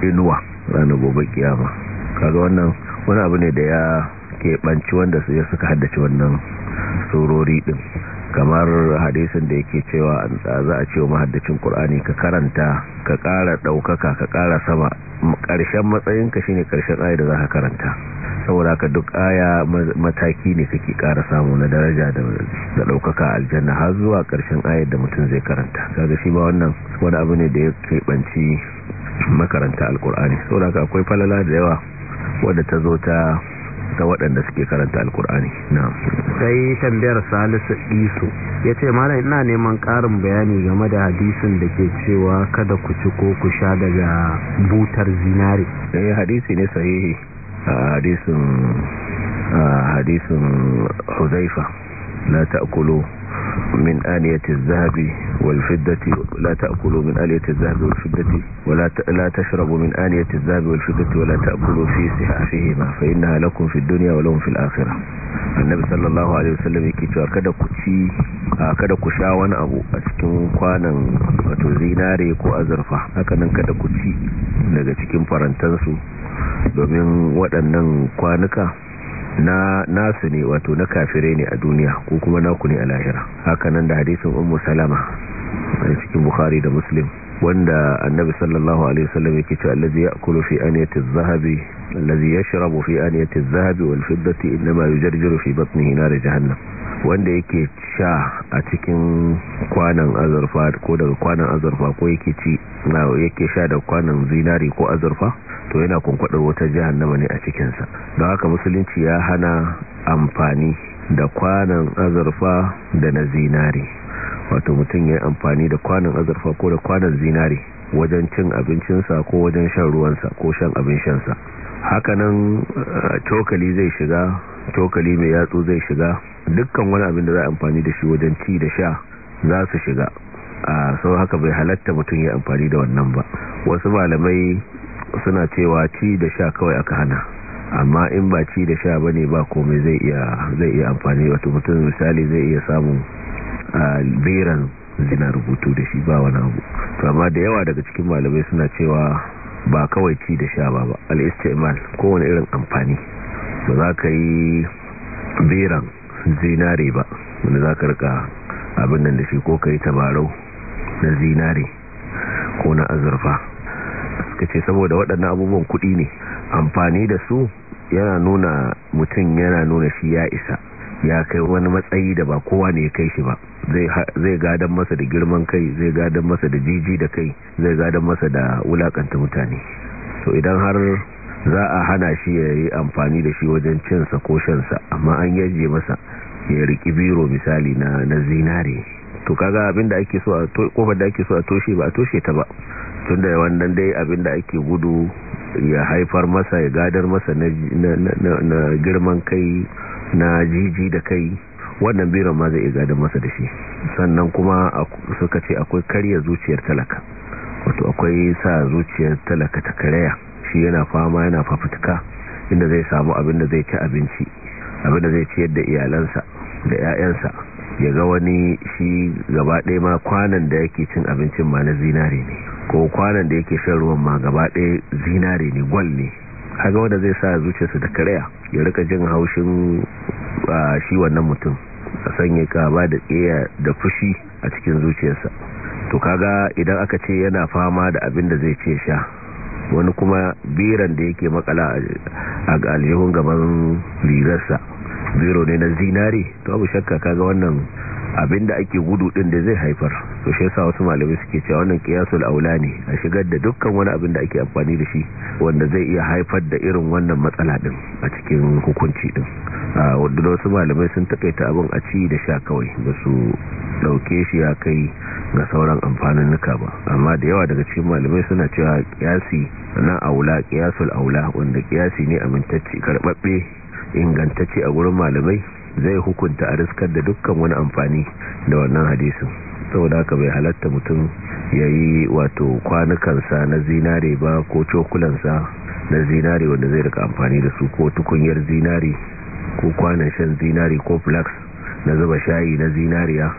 inuwa ranar gobe kiyama kaga wannan wani abu ne da ya keɓanci wanda su ya suka haddace wannan surori din kamar hadisin da yake cewa an tsaza a cewa mahaddacin ƙulani ka karanta ka ƙara ɗaukaka ka ƙara sama ƙarshen matsayinka shine ƙarshen aya da za ka karanta saboda haka duk aya mataki ne kake ƙara samu na daraja da ɗaukaka aljanna har zuwa ƙarshen aya da mutum zai karanta kaga shi ba wannan wani abu ne da ya keɓanci makaranta alkur'ani saboda haka akwai falala da yawa wadda ta zo ta ga waɗanda suke karanta alkur'ani Na. sai tambayar salisu isu ya ce malam ina neman ƙarin bayani game da hadisin da ke cewa kada ku ci ko ku sha daga butar zinare eh hadisi ne sahihi hadisin hadisin huzaifa na ta'kulu من آلية الذهب والفدة لا تأكلوا من آلية الذهب والفدة ولا لا تشربوا من آلية الذهب والفدة ولا تأكلوا في سحافهما فإنها لكم في الدنيا ولهم في الآخرة النبي صلى الله عليه وسلم yake cewa kada ku كشاوان أبو أسكن sha wani abu أزرفا cikin kwanan wato zinare ko azurfa hakanan kada ku ci domin waɗannan kwanuka na nasu ne wato na kafirai ne a duniya ko kuma naku ne a lahira hakanan da hadisin ummu salama a cikin bukhari da muslim wanda annabi sallallahu alaihi wasallam yake cewa allazi ya'kulu fi aniyati adh-dhahabi allazi yashrabu fi aniyati adh-dhahabi wal fiddati inma yujarjiru fi batnihi nar jahannam wanda yake sha a cikin kwanan azurfa ko daga kwanan azurfa ko yake ci na yake sha da kwanan zinari ko azurfa to yana kunkwadar wata jahannama ne a cikin sa don haka musulunci ya hana amfani da kwanan azurfa da na zinari wato mutum ya yi amfani da kwanan azurfa ko da kwanan zinare wajen cin abincinsa ko wajen shan ruwansa ko shan abin shansa hakanan eh, cokali zai shiga cokali mai yatsu zai shiga dukkan wani abin da za a amfani da shi wajen ci da sha za su shiga a ah, sau haka bai halatta mutum ya amfani da wannan ba wasu malamai suna cewa ci da sha kawai aka hana amma in ba ci da sha bane ba komai zai zai iya amfani wato mutum misali zai iya samun beran zina rubutu da shi ba wani abu kama da yawa daga cikin malamai suna cewa ba kawai ci da sha ba ba al'istimal kowane irin amfani ba za ka yi beran zinare ba wanda za ka rika abin nan da shi ko ka yi tabarau na zinare ko na azurfa suka ce saboda waɗannan abubuwan kuɗi ne amfani da su yana nuna mutum yana nuna shi ya isa ya kai wani matsayi da ba kowa ne ya kai shi ba zai gadon masa da girman kai zai gadon masa da jiji da kai zai gadon masa da wulakanta mutane to idan har za a hana shi ya yi amfani da shi wajen cinsa ko shansa amma an yaje masa ya riki biro misali na na zinare to kaga abinda ake so a to kofar da ake so a toshe ba a toshe ta ba tunda wannan dai abin da ake gudu ya haifar masa ya gadar masa na girman kai na jiji da kai wannan biran ma zai gada masa da shi sannan kuma suka ce akwai karya zuciyar talaka wato akwai sa zuciyar talaka ta karaya shi yana fama yana fafutuka inda zai samu abin da zai ci abinci abin da zai ciyar da iyalansa da 'ya'yansa ya ga wani shi gaba ɗaya ma kwanan da yake cin abincin ma na zinare ne ko kwanan da yake shan ruwan ma gaba ɗaya zinare ne gwal ne kaga wanda zai sa zuciyarsa ta karaya ya rika jin haushin shi wannan mutum a sanya ba da tsaye da fushi a cikin zuciyarsa to kaga idan aka ce yana fama da abin da zai ce sha wani kuma biran da yake makala a aljihun gaban lirarsa biro ne na zinare to abu shakka kaga wannan abin da ake gudu din da zai haifar to shi yasa wasu malamai suke cewa wannan qiyasul aula ne a shigar da dukkan wani abin da ake amfani da shi wanda zai iya haifar da irin wannan matsala din a cikin hukunci din a wanda wasu malamai sun takaita abin a ci da sha kawai ba su dauke shi ya kai ga sauran amfanin nuka ba amma da yawa daga cikin malamai suna cewa qiyasi na aula qiyasul aula wanda qiyasi ne amintacce karbabbe ingantacce a gurin malamai zai hukunta a riskar da dukkan wani amfani da wannan hadisin saboda haka bai halatta mutum ya yi wato kwanukansa na zinare ba ko cokulansa na zinare wanda zai rika amfani da su ko tukunyar zinare ko kwanan shan zinare ko flax na zuba shayi na zinariya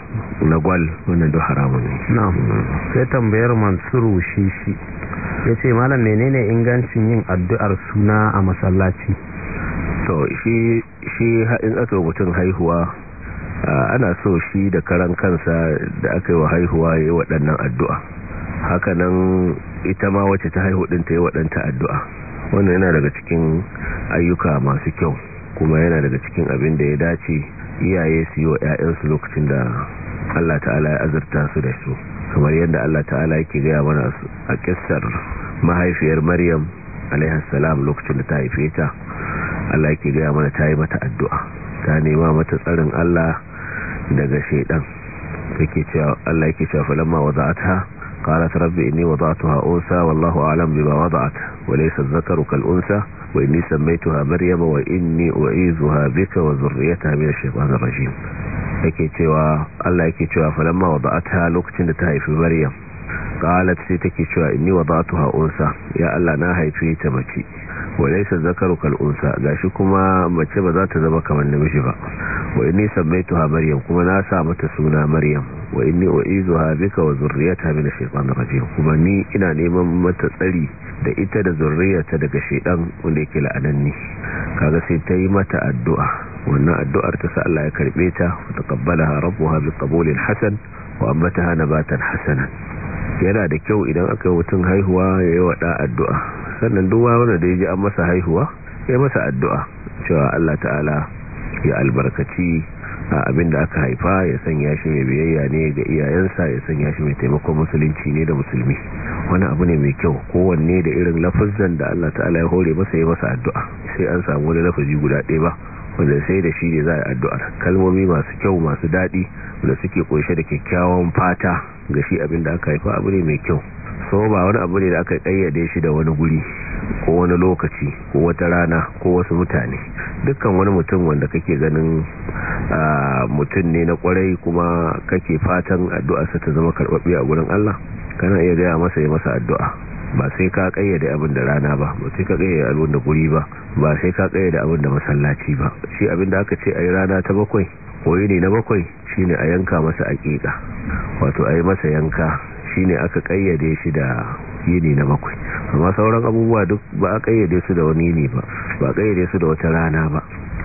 na gwal wannan duk haramun ne sai tambayar mansuru shi shi ce malam menene ingancin yin addu'ar suna a masallaci so shi shi in aka mutum haihuwa ana so shi da karan kansa da aka yi wa haihuwa ya yi waɗannan addu'a hakanan ita ma wacce ta haihu ɗin ta yi waɗanta addu'a wannan yana daga cikin ayyuka masu kyau kuma yana daga cikin abin da ya dace iyaye su yi wa 'ya'yansu lokacin da Allah ta'ala ya azurta su da su kamar yadda Allah ta'ala yake gaya mana a kissar mahaifiyar Maryam alaihi lokacin da ta haife ta Allah yake gaya mana ta yi mata addu'a ta nema mata tsarin Allah daga shaidan yake cewa Allah yake cewa falamma wada'atha qalat rabbi inni wada'tuha ha'unsa wallahu a'lam bima wada'at wa laysa adh-dhakaru kal unsa wa inni sammaytuha maryama wa inni u'izuha bika wa dhurriyyataha min ash-shaytanir rajim yake cewa Allah yake cewa falamma wada'atha lokacin da ta haifi maryam qalat sai take cewa inni wada'tuha ha'unsa ya Allah na haifi ta mace walaysa zakaru kal unsa gashi kuma mace ba za ta zama kamar namiji ba wa inni sammaytuha maryam kuma na sa mata suna maryam wa inni u'izuha bika wa zurriyyataha min ash-shaytanir rajim kuma ni ina neman mata tsari da ita da zurriyarta daga shaydan wanda yake la'ananni kaga sai ta yi mata addu'a wannan addu'ar ta sa Allah ya karbe ta ta kabbalaha rabbuha bi qabulin hasan wa hana nabatan hasanan yana da kyau idan aka yi mutum haihuwa ya yi waɗa addu'a sannan duwa wanda da ya ji an masa haihuwa ya masa addu'a cewa Allah ta'ala ya albarkaci a abin da aka haifa ya sanya shi mai biyayya ne ga iyayensa ya sanya shi mai taimakon musulunci ne da musulmi wani abu ne mai kyau kowanne da irin lafazan da Allah ta'ala ya hore masa ya masa addu'a sai an samu wani lafazi guda ɗaya ba wanda sai da shi ne za a yi addu'ar kalmomi masu kyau masu daɗi da suke ƙunshe da kyakkyawan fata ga shi abin da aka haifa abu ne mai kyau so ba wani abu ne da aka kayyade shi da wani guri ko wani lokaci ko wata rana ko wasu mutane dukkan wani mutum wanda kake ganin mutum ne na kwarai kuma kake fatan addu'arsa ta zama karɓaɓɓe a gurin Allah kana iya gaya masa ya masa addu'a ba sai ka kayyade abin da rana ba ba sai ka kayyade abin da guri ba ba sai ka kayyade abin da masallaci ba shi abin da aka ce a rana ta bakwai koyi ne na bakwai shine a yanka masa aƙiƙa wato a yi masa yanka shine aka kayyade shi da yini na bakwai amma sauran abubuwa duk ba a ƙayyade su da wani yini ba ba a ƙayyade su da wata rana ba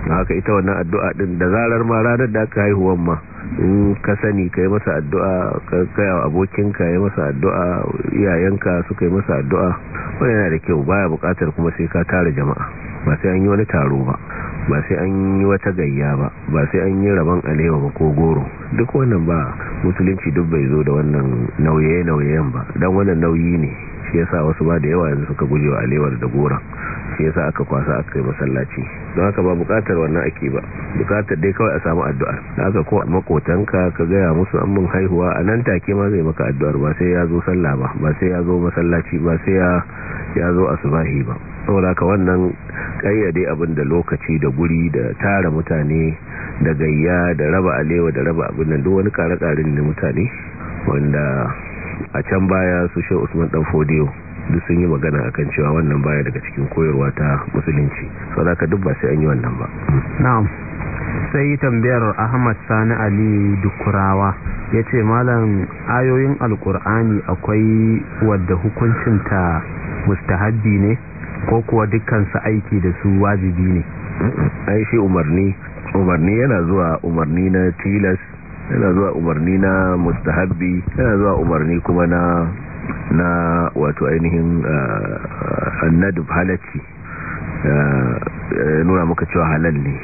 haka ita wannan addu'a din da zarar ma ranar da aka haihuwan ma in ka sani ka yi masa addu'a ka gaya abokin abokinka ya masa addu'a iyayenka suka yi masa addu'a wani yana da kyau baya bukatar kuma sai ka tara jama'a ba sai an yi wani taro ba ba sai an yi wata gayya ba ba sai an yi rabon alewa ba ko goro duk wannan ba musulunci duk bai zo da wannan nauye-nauyen ba don wannan nauyi ne shi yasa wasu ba da yawa yanzu suka guje wa alewar da goron shi yasa aka kwasa aka kai masallaci don haka ba bukatar wannan ake ba bukatar dai kawai a samu addu'ar haka ko makotanka ka gaya musu an mun haihuwa a nan take ma zai maka addu'ar ba sai ya zo sallah ba ba sai ya zo masallaci ba sai ya zo asubahi ba saboda haka wannan kayyade abin da lokaci da guri da tara mutane da gayya da raba alewa da raba abin nan duk wani kare-karen da mutane wanda a can baya su shi usman dan fodiyo duk sun yi magana a kan cewa wannan baya daga cikin koyarwa ta musulunci da duk ba sai an yi wannan ba na'am sai tambayar ahmad sani ali dukurawa ya ce malam ayoyin alkur'ani akwai wadda hukuncinta mustahabbi ne ko kuwa dukkansu aiki da su wajibi ne ai shi umarni umarni yana zuwa umarni na tilas yana zuwa umarni na mustahabbi yana zuwa umarni kuma na na wato ainihin ah, ah, annadub halacci ah, nuna maka cewa halal ne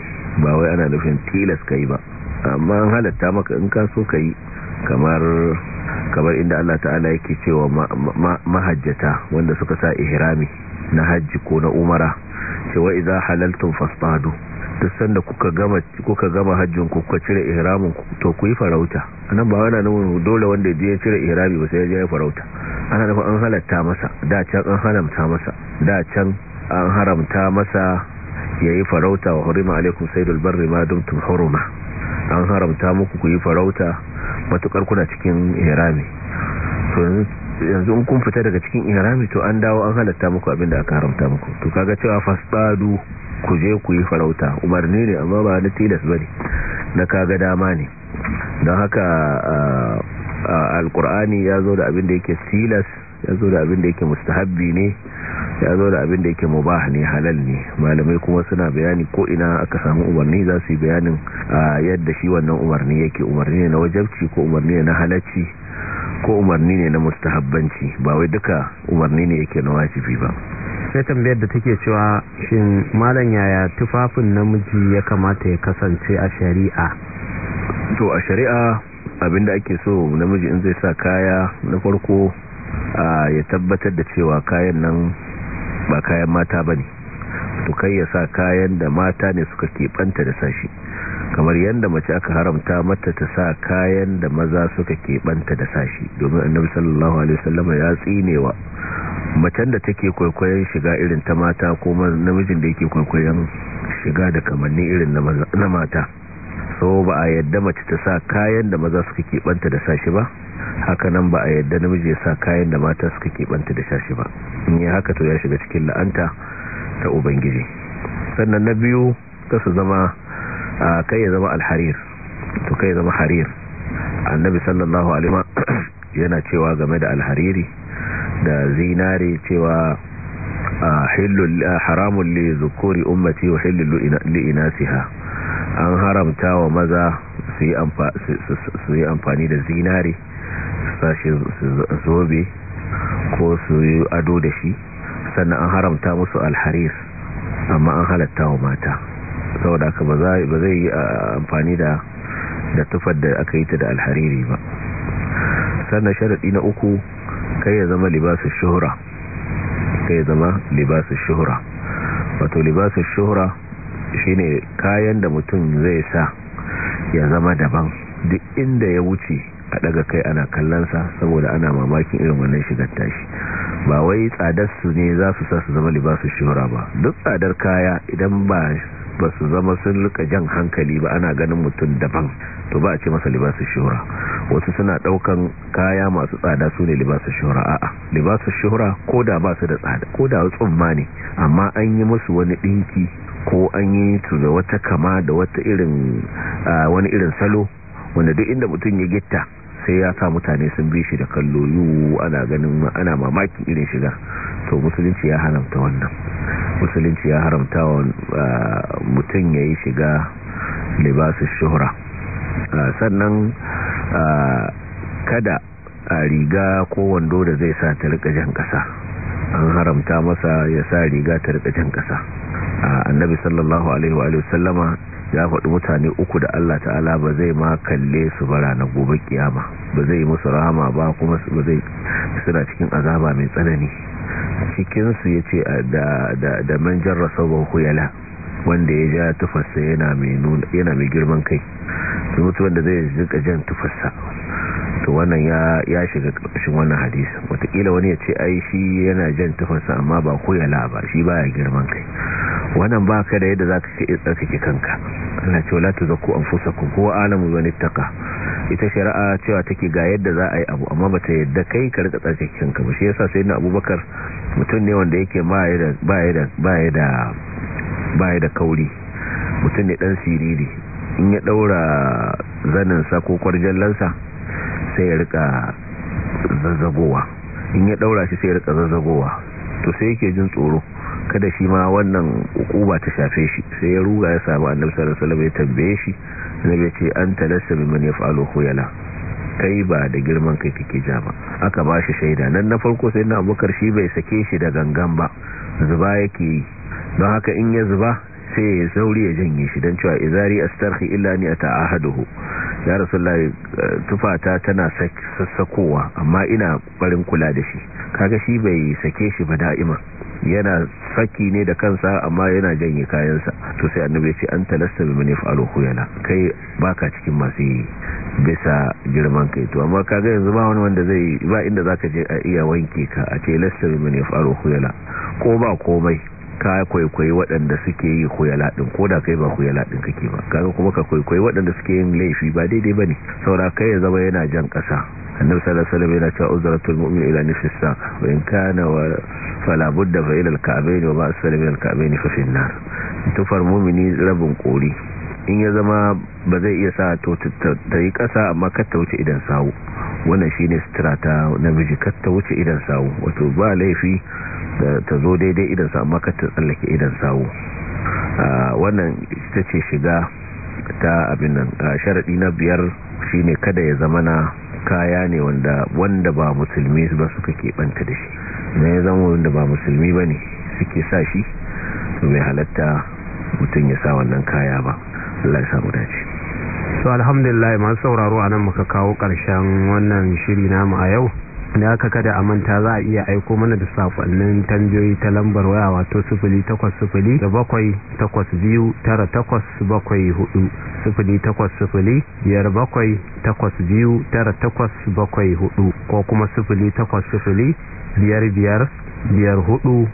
ba wai ana nufin tilas yi ba amma an halatta maka in ka so kai kamar kamar inda Allah ta'ala yake cewa mahajjata wanda suka sa ihrami na hajji ko na umara cewa idza halaltum fasfadu sanda kuka gama kuka gama hajjin ku kuka cire ihramin ku to ku yi farauta anan ba wani nan dole wanda ya je ya cire ihrami ba sai ya je ya farauta ana da an halatta masa da can an haramta masa da can an haramta masa yayi farauta wa hurima alaikum saydul barri ma dumtum huruma an haramta muku ku yi farauta matukar kuna cikin ihrami to yanzu kun fita daga cikin ihrami to an dawo an halatta muku abinda aka haramta muku to kaga cewa fasadu ku je ku yi farauta umarni ne amma ba na tilas bane na kaga dama ne don haka alkur'ani ya zo da abin da yake tilas ya zo da abin da yake mustahabbi ne ya zo da abin da yake mubah ne halal ne malamai kuma suna bayani ko ina aka samu umarni za su yi bayanin yadda shi wannan umarni yake umarni ne na wajabci ko umarni ne na halacci ko umarni ne na mustahabbanci ba wai duka umarni ne yake na wajibi ba sai tambayar da take cewa shin malam yaya tufafin namiji ya kamata ya kasance a shari'a to a shari'a abinda ake so namiji in zai sa kaya na farko ya tabbatar da cewa kayan nan ba kayan mata ba ne to kai ya sa kayan da mata ne suka keɓanta da sashi kamar yadda mace aka haramta mata ta sa kayan da maza suka keɓanta da sashi domin annabi sallallahu alaihi wasallam ya tsinewa macen da take kwaikwayon shiga irin ta mata ko namijin da yake kwaikwayon shiga da kamanni irin na mata so ba a yadda mace ta sa kayan da maza suka kebanta da sashi ba haka nan ba a yadda namiji ya sa kayan da mata suka kebanta da sashi ba in yi haka to ya shiga cikin la'anta ta ubangiji sannan na biyu ta su zama a kai ya zama alharir to kai ya zama harir annabi sallallahu alaihi yana cewa game da alhariri da zinare cewa haramun le zukuri umarci wa hillul li'inasiha an haramta wa maza su yi amfani da zinare sashi zobe ko su yi ado da shi sannan an haramta musu alharis amma an halatta wa mata saboda aka ba zai yi amfani da da tufar da aka yi ta da alhariri ba sannan sharaɗi na uku kai ya zama libasu shuhura kai ya zama libasu shuhura wato libasu shuhura shine kayan da mutum zai sa ya zama daban duk inda ya wuce a daga kai ana sa saboda ana mamakin irin wannan shigar tashi ba wai tsadar su ne za su sa su zama libasu shuhura ba duk tsadar kaya idan ba ba su zama sun rika jan hankali ba ana ganin mutum daban to ba a ce masa libasu shura wasu suna daukan kaya masu tsada su ne libasu shura a'a libasu shura ko da ba su da tsada ko da tsumma ne amma an yi musu wani dinki ko an yi su da wata kama da wata irin wani irin salo wanda duk inda mutum ya gitta sai ya sa mutane sun bi shi da kallo yiwu ana ganin ana mamaki irin shiga to musulunci ya haramta wannan musulunci ya haramta wa mutum ya yi shiga libasu shura. Ah, sannan ah, kada a riga ko wando da zai sa ta rika jan kasa an haramta masa ya sa riga ta rika jan kasa ah, annabi sallallahu alaihi wa sallama ya faɗi mutane uku da Allah ta'ala ba zai ma kalle su bara na gobe kiyama ba zai musu rahama ba kuma ba zai suna cikin azaba mai tsanani cikinsu ya ce da manjan rasawar huyala wanda ya ja tufarsa yana mai girman kai da mutu wanda zai zika jan tufarsa to wannan ya shiga ƙarshen wannan hadisa watakila wani ya ce ai shi yana jan tufarsa amma ba yala ba shi baya girman kai wannan ba ka da yadda za ka ce tsarkake kanka ana ce wala ta zaku an fusa kun kowa alamu wani taka ita shari'a cewa take ga yadda za a yi abu amma ba ta yadda kai ka rika tsarkake kanka ba shi yasa sai na abubakar mutum ne wanda yake ba ya da baya da kauri mutum ne dan siriri in ya daura zanin sa ko kwarjallansa sai ya rika zazzagowa in ya daura shi sai ya rika zazzagowa to sai yake jin tsoro kada shi ma wannan hukuma ta shafe shi sai ya ruga ya samu annabi sallallahu alaihi wasallam ya tambaye shi annabi ya ce anta lasta biman yaf'alu khuyala kai ba da girman kai kike ja ba aka ba shi shaida nan na farko sai na abubakar shi bai sake shi da gangan ba zuba yake don haka in ya zuba sai ya sauri ya janye shi don cewa izari starki illa a ta'ahaduhu ya rasulullahi tufata tana sassakowa amma ina barin kula da shi kaga shi bai sake shi ba da'ima yana saki ne da kansa amma yana janye kayansa to sai annabi ya ce an talasta bi manif yana kai baka cikin masu yi bisa girman kai to amma kaga yanzu ba wani wanda zai ba inda zaka je a iya wanke ka a ce lasta bi manif yana ko ba komai ka kwaikwayi waɗanda suke yi huyala laɗin ko da kai ba huyala laɗin kake ba kaga kuma ka kwaikwayi waɗanda suke yin laifi ba daidai ne saura kai ya zama yana jan ƙasa annabi sallallahu alaihi wasallam yana cewa uzratul mu'min ila nifsis saq wa in kana wa fala budda fa ila al-ka'bayn wa ba'd salam ila al-ka'bayn fa tufar mu'mini rabin kori in ya zama ba zai iya sa to ta yi ƙasa amma katta wuce idan sawu wannan shi ne sutura ta miji katta wuce idan sawu wato ba laifi ta zo daidai idan sawu amma katta tsallake idan sawu wannan ita ce shiga ta abin nan sharaɗi na biyar shi ne kada ya zama na kaya ne wanda ba musulmi ba suka keɓanta da shi na ya zama wanda ba musulmi ba ne suke sa shi to halatta mutum ya sa wannan kaya ba Allah ya dace to alhamdulillah masu sauraro a nan muka kawo ƙarshen wannan shiri namu a yau da aka kada a manta za a iya aiko mana da saƙonnin tanjoyi ta lambar waya wato sifili takwas da bakwai takwas biyu tara takwas bakwai hudu sifili takwas biyar bakwai ko kuma takwas biyar biyar biyar hudu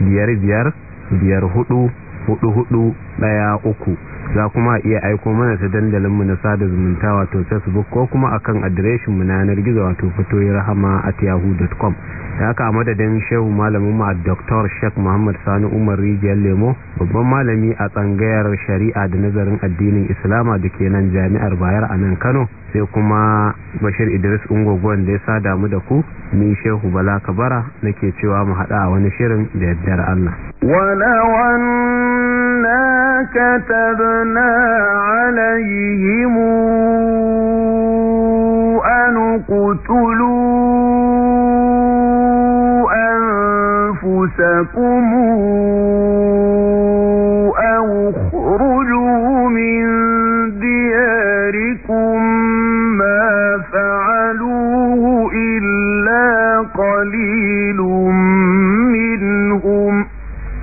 biyar biyar biyar hudu hudu hudu daya uku za kuma iya aiko mana ta dandalinmu na sada zumunta wato facebook ko kuma akan adireshinmu na yanar gizo wato fatoyi rahama at yahoo.com da kama da madadin shehu malamin ma dr sheik muhammad sani umar rijiyar lemo babban malami a tsangayar shari'a da nazarin addinin islama da ke nan jami'ar bayar a nan kano sai kuma bashir idris ungogon da ya sa damu da ku ni shehu bala kabara nake cewa mu hada a wani shirin da yaddar allah كتبنا عليهم أن قتلوا أنفسكم أو اخرجوا من دياركم